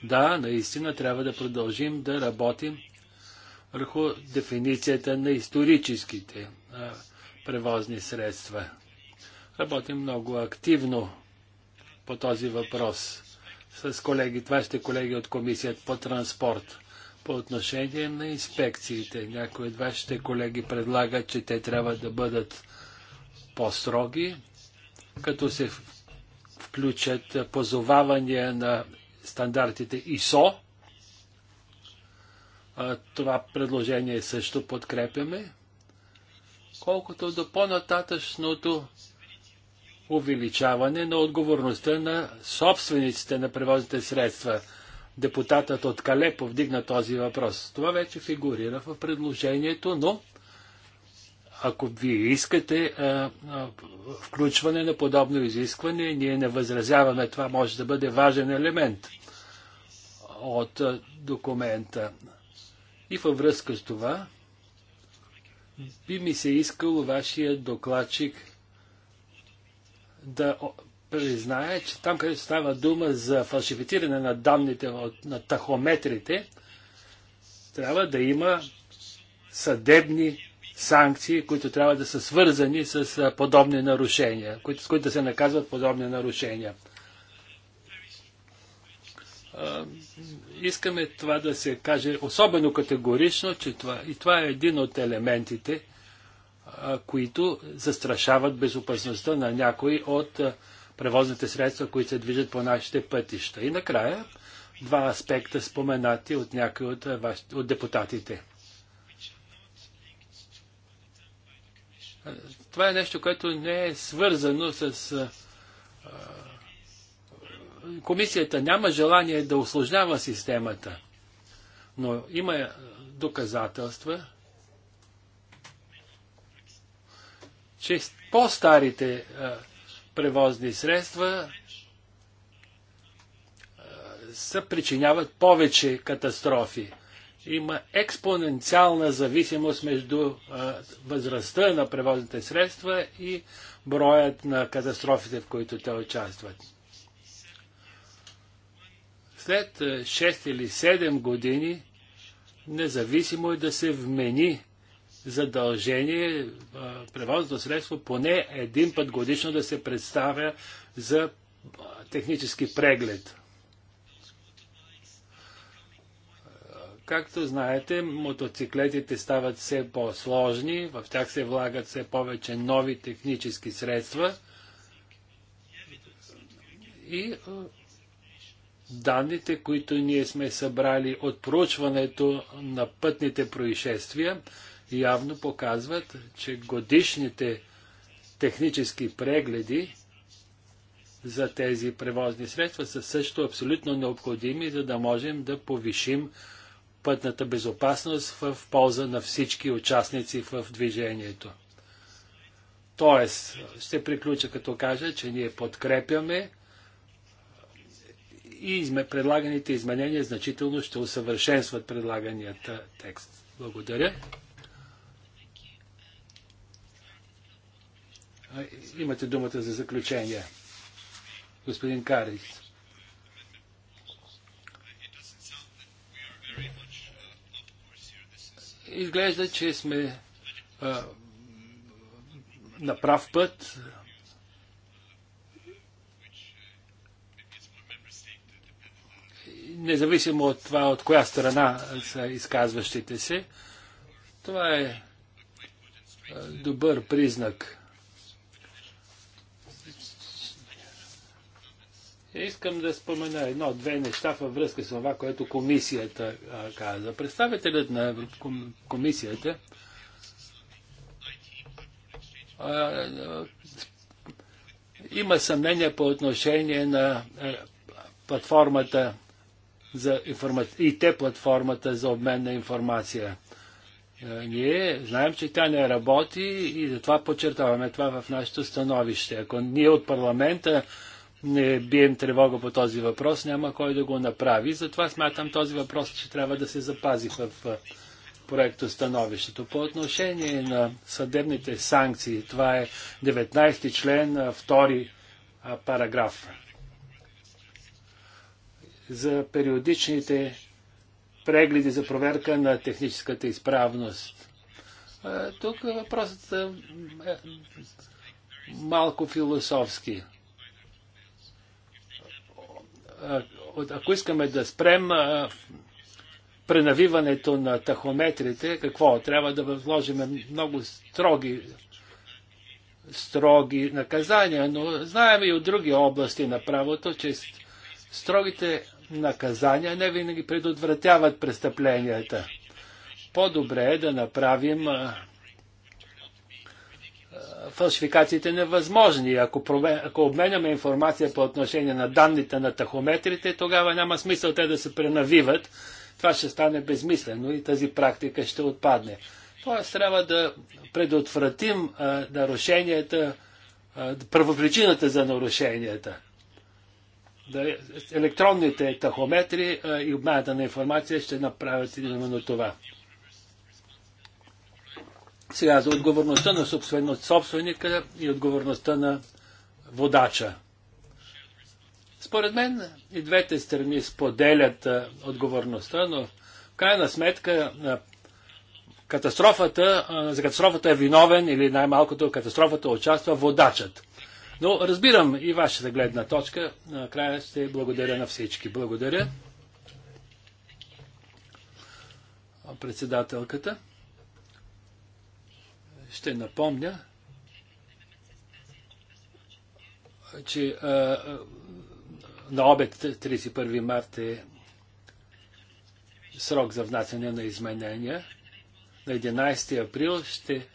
да, наистина трябва да продължим да работим върху дефиницията на историческите а, превозни средства. Работим много активно по този въпрос с колеги, вашите колеги от Комисията по транспорт. По отношение на инспекциите, някои от вашите колеги предлагат, че те трябва да бъдат по-строги, като се включат позовавания на стандартите ИСО. Това предложение също подкрепяме. Колкото до по-нататъчното увеличаване на отговорността на собствениците на превозните средства. Депутатът от Калепо вдигна този въпрос. Това вече фигурира в предложението, но ако ви искате а, а, включване на подобно изискване, ние не възразяваме, това може да бъде важен елемент от а, документа. И във връзка с това, би ми се искал вашия докладчик да признае, че там, където става дума за фалшифициране на данните от, на тахометрите, трябва да има съдебни санкции, които трябва да са свързани с подобни нарушения, с които да се наказват подобни нарушения. Искаме това да се каже особено категорично, че това, и това е един от елементите, които застрашават безопасността на някои от превозните средства, които се движат по нашите пътища. И накрая, два аспекта споменати от някои от, от депутатите. Това е нещо, което не е свързано с. комисията няма желание да осложнява системата, но има доказателства, че по-старите превозни средства са причиняват повече катастрофи има експоненциална зависимост между а, възрастта на превозните средства и броят на катастрофите, в които те участват. След 6 или 7 години, независимо е да се вмени задължение превозното средство поне един път годишно да се представя за технически преглед. Както знаете, мотоциклетите стават все по-сложни, в тях се влагат все повече нови технически средства и данните, които ние сме събрали от проучването на пътните происшествия, явно показват, че годишните технически прегледи за тези превозни средства са също абсолютно необходими, за да можем да повишим пътната безопасност в полза на всички участници в движението. Тоест, ще приключа като кажа, че ние подкрепяме и изме, предлаганите изменения значително ще усъвършенстват предлаганият текст. Благодаря. Имате думата за заключение. Господин Карис. изглежда, че сме а, на прав път. Независимо от това, от коя страна са изказващите се, това е добър признак. Искам да спомена едно-две неща във връзка с това, което комисията а, каза. Представителят на комисията а, а, има съмнение по отношение на платформата за информа... и те платформата за обмен на информация. Ние знаем, че тя не работи и затова подчертаваме това в нашето становище. Ако ние от парламента не бием тревога по този въпрос, няма кой да го направи. Затова смятам този въпрос, че трябва да се запази в проекто становището. По отношение на съдебните санкции, това е 19 член, втори параграф. За периодичните прегледи за проверка на техническата изправност. Тук въпросът е малко философски ако искаме да спрем пренавиването на тахометрите, какво? Трябва да възложим много строги, строги наказания, но знаем и от други области на правото, че строгите наказания не винаги предотвратяват престъпленията. По-добре е да направим фалшификациите невъзможни. Ако, проме, ако обменяме информация по отношение на данните на тахометрите, тогава няма смисъл те да се пренавиват. Това ще стане безмислено и тази практика ще отпадне. Тоест трябва да предотвратим а, нарушенията, а, първопричината за нарушенията. Да, електронните тахометри а, и обмяната на информация ще направят именно това. Сега за отговорността на собственика и отговорността на водача. Според мен и двете страни споделят отговорността, но в крайна сметка катастрофата, за катастрофата е виновен или най-малкото катастрофата участва водачът. Но разбирам и вашата гледна точка. Накрая ще благодаря на всички. Благодаря. Председателката ще напомня, че а, а, на обед 31 март е срок за внасяне на изменения. На 11 април ще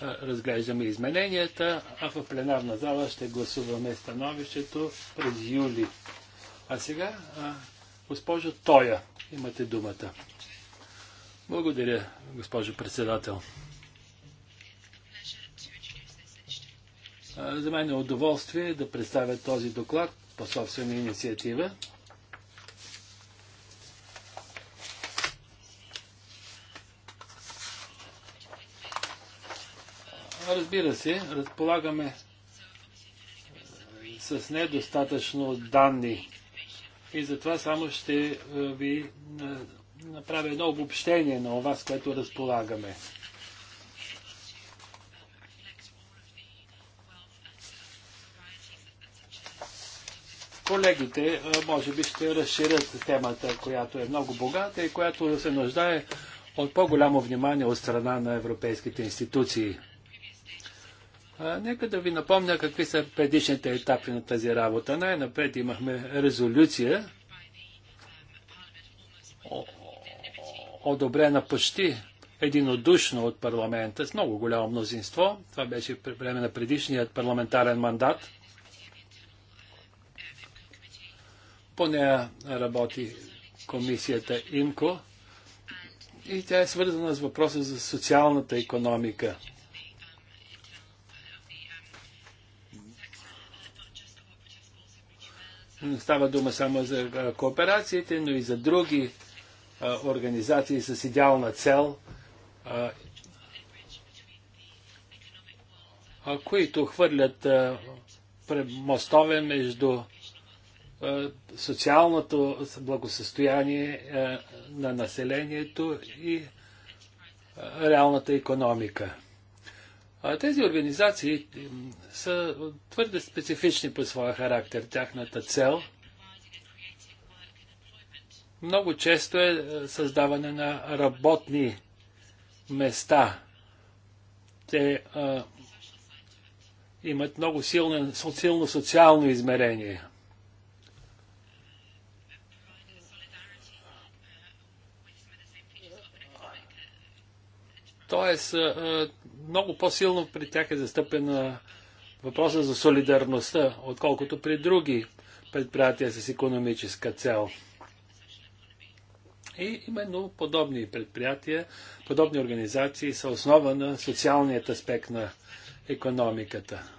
а, разглеждаме измененията, а в пленарна зала ще гласуваме становището през юли. А сега, а, госпожо Тоя, имате думата. Благодаря, госпожо председател. За мен е удоволствие да представя този доклад по собствена инициатива. Разбира се, разполагаме с недостатъчно данни и затова само ще ви направя едно обобщение на това, с което разполагаме. Колегите може би ще разширят темата, която е много богата и която се нуждае от по-голямо внимание от страна на европейските институции. А, нека да ви напомня какви са предишните етапи на тази работа. Най-напред имахме резолюция, одобрена почти единодушно от парламента, с много голямо мнозинство. Това беше време на предишният парламентарен мандат. По нея работи комисията ИМКО и тя е свързана с въпроса за социалната економика. Не става дума само за кооперациите, но и за други а, организации с идеална цел, а, а, които хвърлят мостове между е, социалното благосъстояние е, на населението и е, реалната економика. Тези организации са твърде специфични по своя характер. Тяхната цел много често е създаване на работни места. Те а, имат много силно, силно социално измерение – Тоест, много по-силно при тях е застъпена въпроса за солидарността, отколкото при други предприятия с економическа цел. И именно подобни предприятия, подобни организации са основа на социалният аспект на економиката.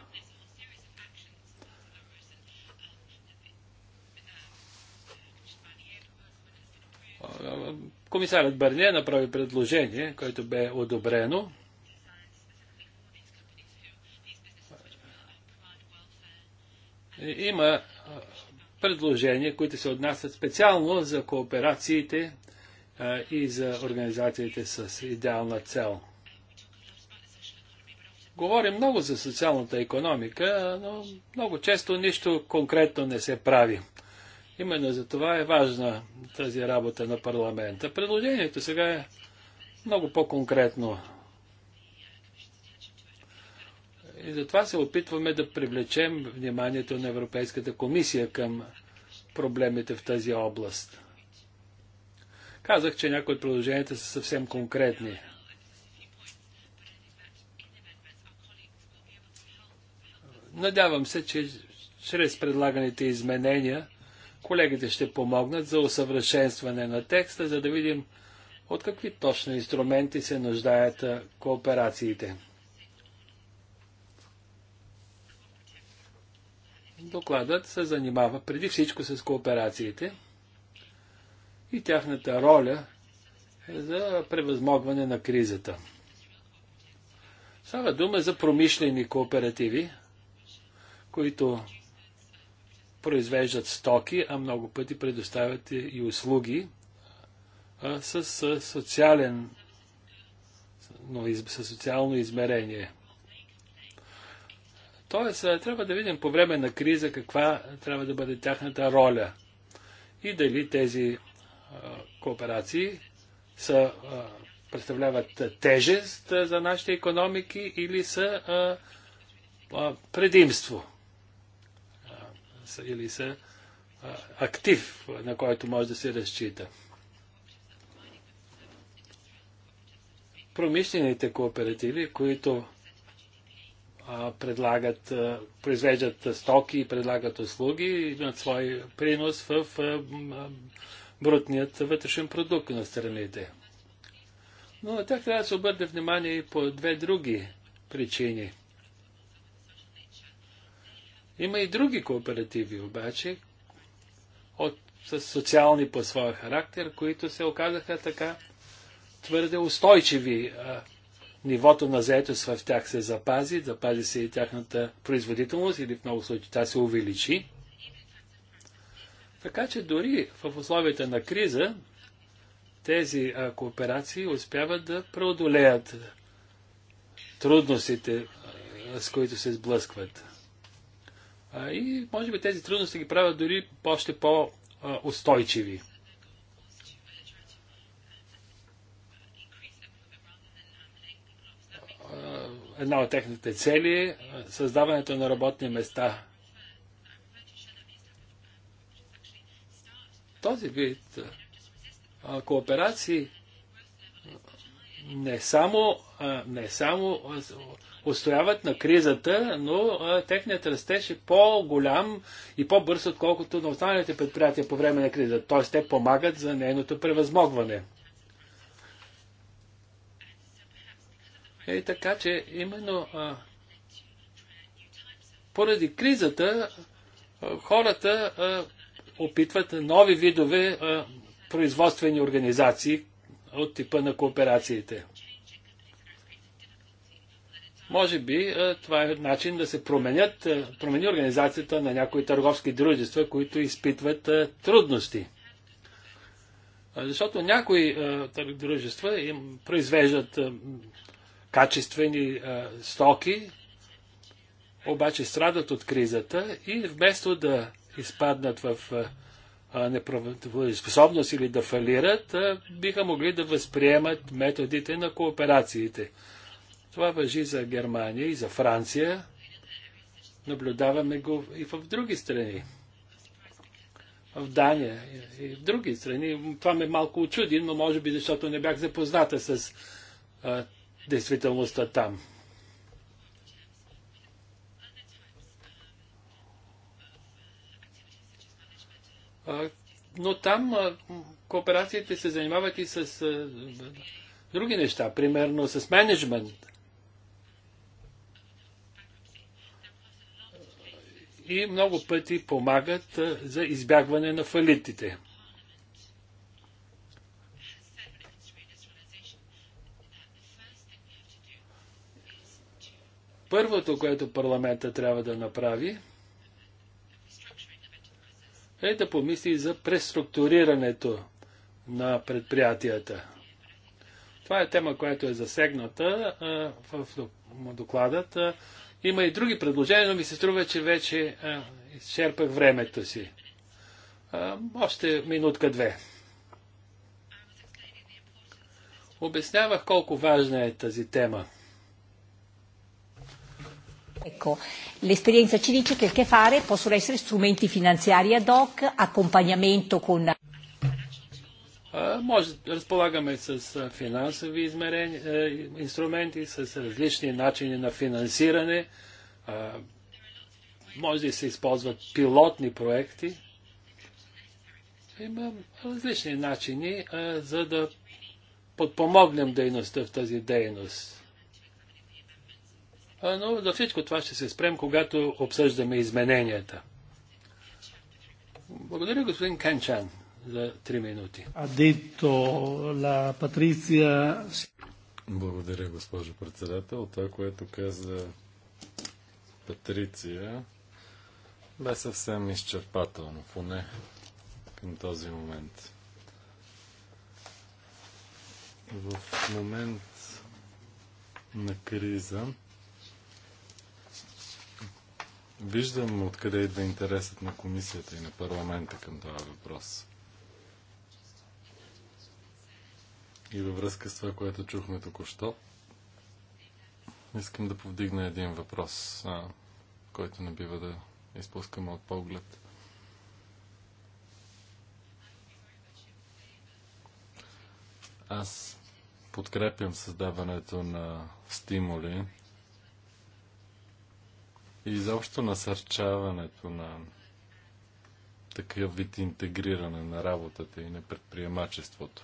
Комисарят Барне направи предложение, което бе одобрено. Има предложения, които се отнасят специално за кооперациите и за организациите с идеална цел. Говорим много за социалната економика, но много често нищо конкретно не се прави. Именно за това е важна тази работа на парламента. Предложението сега е много по-конкретно. И затова се опитваме да привлечем вниманието на Европейската комисия към проблемите в тази област. Казах, че някои от предложенията са съвсем конкретни. Надявам се, че чрез предлаганите изменения Колегите ще помогнат за усъвършенстване на текста, за да видим от какви точно инструменти се нуждаят кооперациите. Докладът се занимава преди всичко с кооперациите и тяхната роля е за превъзмогване на кризата. Става дума за промишлени кооперативи, които произвеждат стоки, а много пъти предоставят и услуги а, с, с, социален, но из, с социално измерение. Тоест, трябва да видим по време на криза каква трябва да бъде тяхната роля и дали тези а, кооперации са, а, представляват тежест за нашите економики или са предимство или са актив, на който може да се разчита. Промишлените кооперативи, които предлагат, произвеждат стоки и предлагат услуги, имат свой принос в брутният вътрешен продукт на страните. Но на тях трябва да се обърне внимание и по две други причини – има и други кооперативи обаче, от, с социални по своя характер, които се оказаха така твърде устойчиви. нивото на заетост в тях се запази, запази се и тяхната производителност или в много случаи тя се увеличи. Така че дори в условията на криза тези кооперации успяват да преодолеят трудностите, с които се сблъскват. И може би тези трудности ги правят дори още по-устойчиви. Една от техните цели е създаването на работни места. Този вид кооперации не само, не само устояват на кризата, но техният растеж е по-голям и по-бърз, отколкото на останалите предприятия по време на криза. Т.е. те помагат за нейното превъзмогване. Е, така че именно а, поради кризата а, хората а, опитват нови видове а, производствени организации от типа на кооперациите. Може би е, това е начин да се променят, е, промени организацията на някои търговски дружества, които изпитват е, трудности. Защото някои дружества им произвеждат качествени стоки, обаче страдат от кризата и вместо да изпаднат в неправоспособност или да фалират, биха могли да възприемат методите на кооперациите. Това въжи за Германия и за Франция. Наблюдаваме го и в други страни. В Дания и в други страни. Това ме малко очуди, но може би защото не бях запозната с а, действителността там. но там кооперациите се занимават и с други неща, примерно с менеджмент и много пъти помагат за избягване на фалитите. Първото, което парламента трябва да направи, е да помисли за преструктурирането на предприятията. Това е тема, която е засегната в докладата. Има и други предложения, но ми се струва, че вече а, изчерпах времето си. А, още минутка-две. Обяснявах колко важна е тази тема.
Ecco, l'esperienza ci dice che il che fare possono essere strumenti finanziari ad hoc, accompagnamento con
може, разполагаме с финансови измерения, инструменти, с различни начини на финансиране. Може да се използват пилотни проекти. Има различни начини, за да подпомогнем дейността в тази дейност. Но за всичко това ще се спрем, когато обсъждаме измененията. Благодаря, господин Кенчан за три минути. А дето ла Патриция...
Благодаря, госпожо председател. Това, което каза Патриция, бе съвсем изчерпателно, поне към този момент. В момент на криза виждам откъде идва интересът на комисията и на парламента към това въпрос. и във връзка с това, което чухме току-що, искам да повдигна един въпрос, а, който не бива да изпускаме от поглед. Аз подкрепям създаването на стимули и изобщо насърчаването на такъв вид интегриране на работата и на предприемачеството.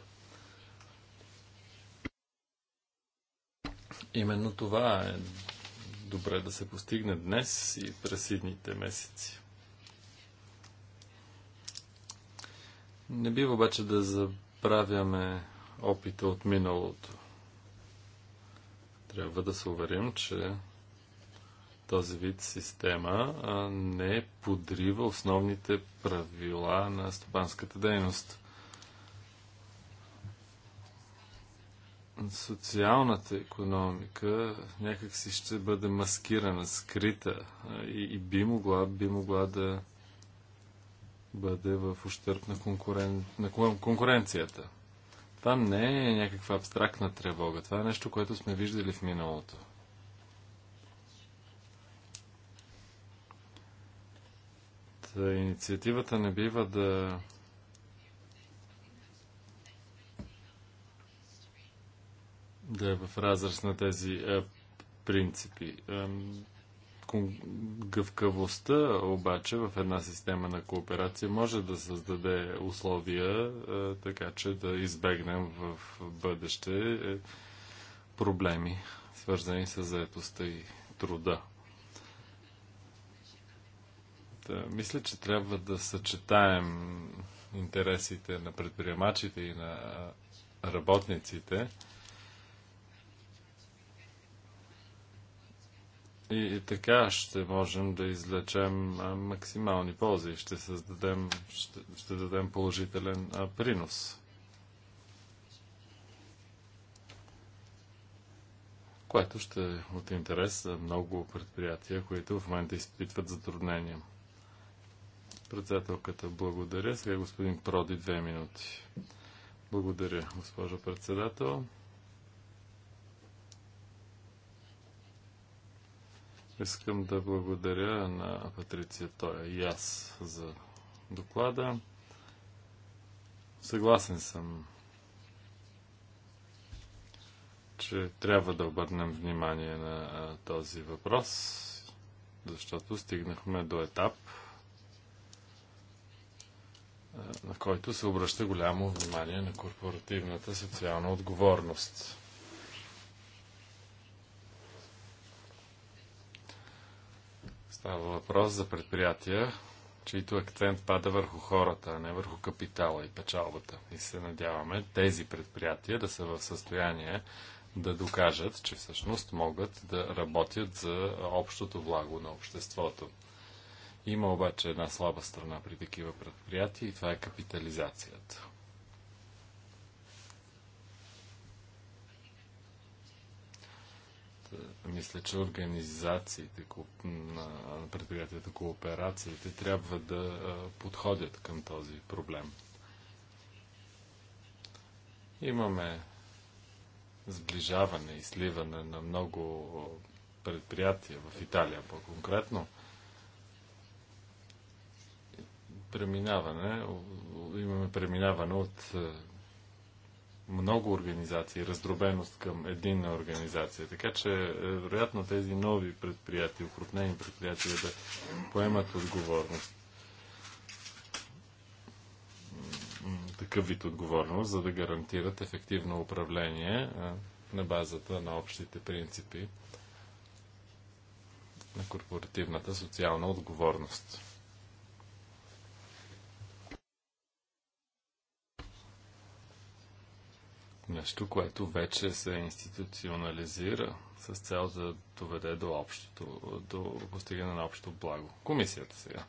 Именно това е добре да се постигне днес и през идните месеци. Не бива обаче да забравяме опита от миналото. Трябва да се уверим, че този вид система не подрива основните правила на стопанската дейност. социалната економика някакси ще бъде маскирана, скрита и, и би, могла, би могла да бъде в ущърп на, конкурен... на конкуренцията. Това не е някаква абстрактна тревога. Това е нещо, което сме виждали в миналото. Та инициативата не бива да да е в разрез на тези е, принципи. Е, гъвкавостта обаче в една система на кооперация може да създаде условия, е, така че да избегнем в бъдеще е, проблеми, свързани с заетостта и труда. Да, мисля, че трябва да съчетаем интересите на предприемачите и на е, работниците И, и така ще можем да излечем максимални ползи. Ще създадем, ще, ще дадем положителен а, принос. Което ще е от интерес за много предприятия, които в момента изпитват затруднения. Председателката, благодаря. Сега господин Проди, две минути. Благодаря, госпожо председател. Искам да благодаря на Патриция Тоя е и аз за доклада. Съгласен съм, че трябва да обърнем внимание на този въпрос, защото стигнахме до етап, на който се обръща голямо внимание на корпоративната социална отговорност. Става въпрос за предприятия, чието акцент пада върху хората, а не върху капитала и печалбата. И се надяваме тези предприятия да са в състояние да докажат, че всъщност могат да работят за общото благо на обществото. Има обаче една слаба страна при такива предприятия и това е капитализацията. мисля, че организациите на предприятията, кооперациите трябва да подходят към този проблем. Имаме сближаване и сливане на много предприятия в Италия по-конкретно. Преминаване, имаме преминаване от много организации, раздробеност към единна организация. Така че, е, вероятно, тези нови предприятия, укрупнени предприятия да поемат отговорност. Такъв вид отговорност, за да гарантират ефективно управление е, на базата на общите принципи на корпоративната социална отговорност. нещо, което вече се институционализира с цел да доведе до, общото, до постигане на общото благо. Комисията сега.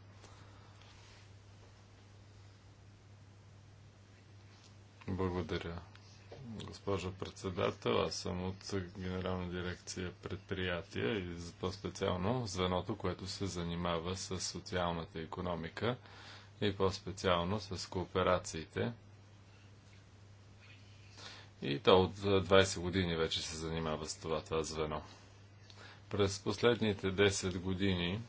Благодаря. Госпожо председател, аз съм от Генерална дирекция предприятия и по-специално звеното, което се занимава с социалната економика и по-специално с кооперациите и то от 20 години вече се занимава с това, това звено. През последните 10 години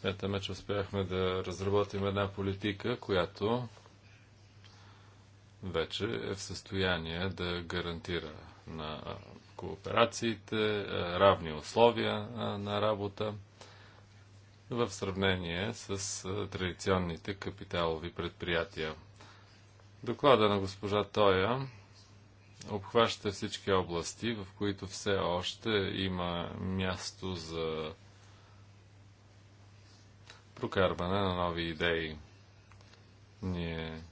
смятаме, че успяхме да разработим една политика, която вече е в състояние да гарантира на кооперациите равни условия на работа в сравнение с традиционните капиталови предприятия. Доклада на госпожа Тоя обхваща всички области, в които все още има място за прокарване на нови идеи. Ние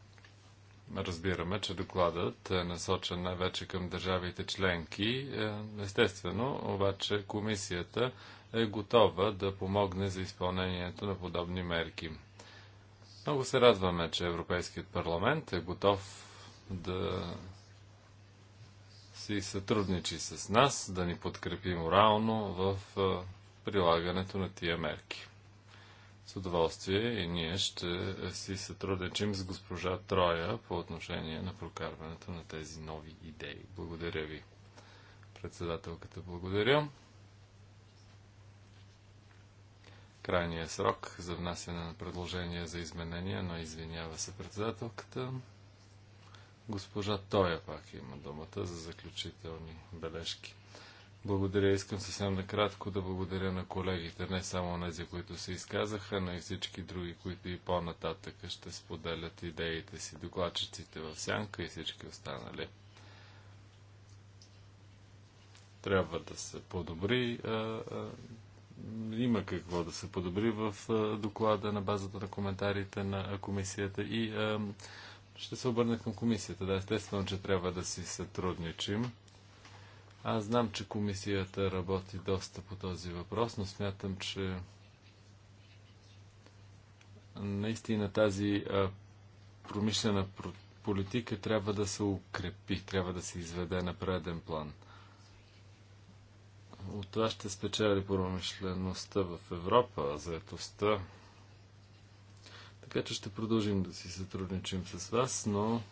разбираме, че докладът е насочен най-вече към държавите членки. Е, естествено, обаче комисията е готова да помогне за изпълнението на подобни мерки. Много се радваме, че Европейският парламент е готов да си сътрудничи с нас, да ни подкрепи морално в прилагането на тия мерки. С удоволствие и ние ще си сътрудничим с госпожа Троя по отношение на прокарването на тези нови идеи. Благодаря ви, председателката. Благодаря. Крайният срок за внасяне на предложения за изменения, но извинява се председателката. Госпожа Тоя пак има думата за заключителни бележки. Благодаря. Искам съвсем накратко да благодаря на колегите, не само на тези, които се изказаха, но и всички други, които и по-нататък ще споделят идеите си, докладчиците в сянка и всички останали. Трябва да се подобри. има какво да се подобри в доклада на базата на коментарите на комисията и ще се обърна към комисията. Да, естествено, че трябва да си сътрудничим. Аз знам, че комисията работи доста по този въпрос, но смятам, че наистина тази а, промишлена политика трябва да се укрепи, трябва да се изведе на преден план. От това ще спечели промишлеността в Европа, заетостта, така че ще продължим да си сътрудничим с вас, но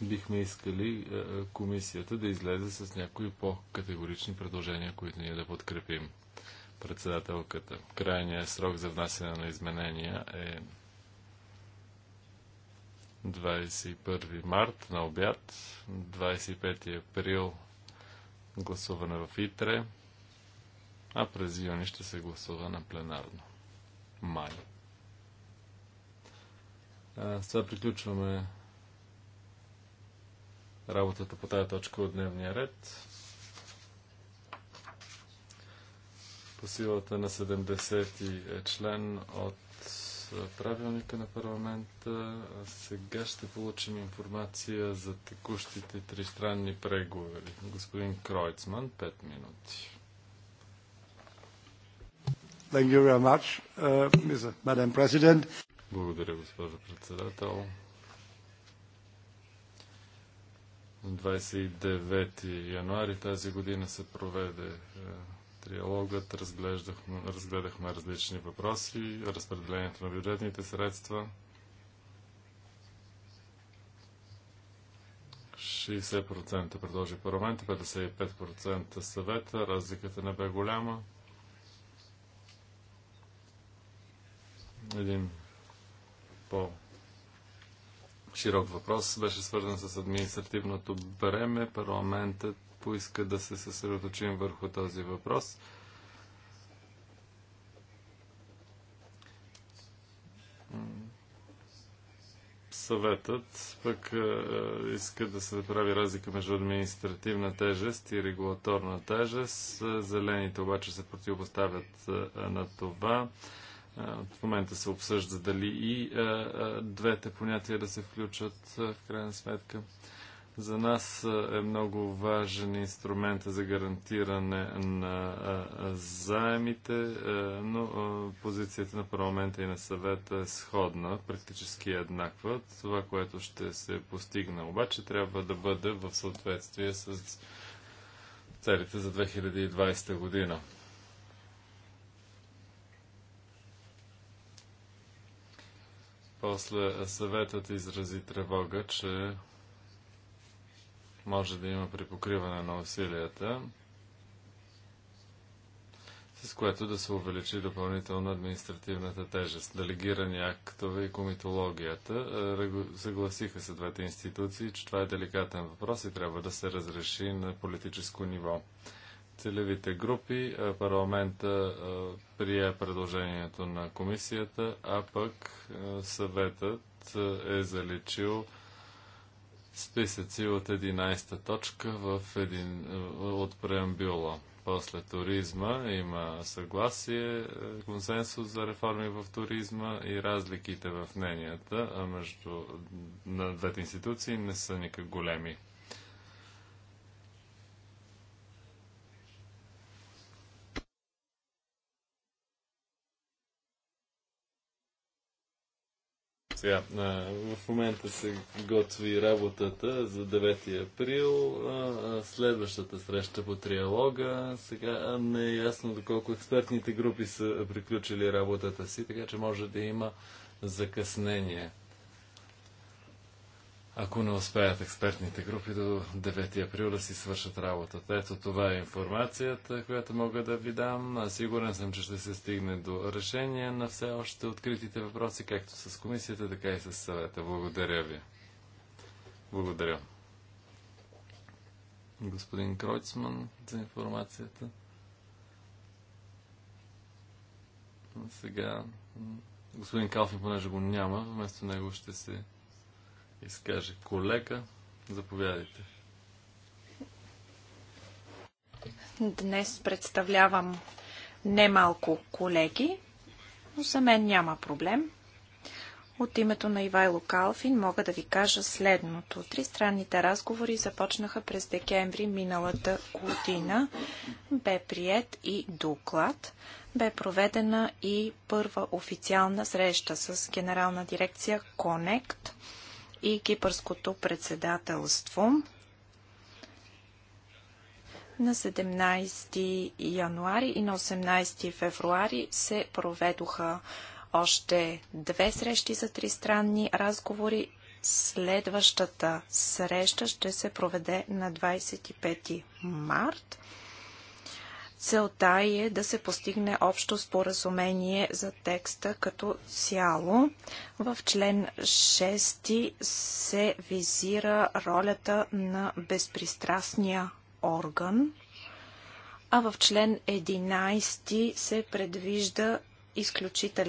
бихме искали е, е, комисията да излезе с някои по-категорични предложения, които ние да подкрепим. Председателката. Крайният срок за внасяне на изменения е 21 март на обяд, 25 април гласуване в ИТРЕ, а през юни ще се гласува на пленарно. Май. С това приключваме работата по тази точка от дневния ред. По силата на 70 е член от правилника на парламента. Сега ще получим информация за текущите тристранни преговори. Господин Кройцман, 5 минути.
Thank you very much, uh, Mr. Madam President.
Благодаря, госпожо председател. 29 януари тази година се проведе е, триалогът, разгледахме различни въпроси, разпределението на бюджетните средства. 60% предложи парламент, 55% съвета, разликата не бе голяма. Един по широк въпрос беше свързан с административното бреме. Парламентът поиска да се съсредоточим върху този въпрос. Съветът пък е, е, иска да се прави разлика между административна тежест и регулаторна тежест. Е, зелените обаче се противопоставят на това. В момента се обсъжда дали и двете понятия да се включат в крайна сметка. За нас е много важен инструмент за гарантиране на заемите, но позицията на парламента и на съвета е сходна, практически еднаква. Това, което ще се постигне обаче, трябва да бъде в съответствие с целите за 2020 година. После съветът изрази тревога, че може да има припокриване на усилията, с което да се увеличи допълнително административната тежест. Делегирани актове и комитологията е, съгласиха се двете институции, че това е деликатен въпрос и трябва да се разреши на политическо ниво целевите групи парламента прие предложението на комисията, а пък съветът е заличил списъци от 11-та точка в един, от преамбюла. После туризма има съгласие, консенсус за реформи в туризма и разликите в мненията между на двете институции не са никак големи. Сега, в момента се готви работата за 9 април, следващата среща по триалога. Сега не е ясно доколко експертните групи са приключили работата си, така че може да има закъснение ако не успеят експертните групи до 9 април да си свършат работата. Ето това е информацията, която мога да ви дам. Сигурен съм, че ще се стигне до решение на все още откритите въпроси, както с комисията, така и с съвета. Благодаря ви. Благодаря. Господин Кройцман за информацията. Сега господин Калфин, понеже го няма, вместо него ще се изкаже колега. Заповядайте.
Днес представлявам немалко колеги, но за мен няма проблем. От името на Ивайло Калфин мога да ви кажа следното. Три странните разговори започнаха през декември миналата година. Бе прият и доклад. Бе проведена и първа официална среща с генерална дирекция Конект и Кипърското председателство. На 17 януари и на 18 февруари се проведоха още две срещи за тристранни разговори. Следващата среща ще се проведе на 25 март. Целта е да се постигне общо споразумение за текста като цяло. В член 6 се визира ролята на безпристрастния орган, а в член 11 се предвижда изключителен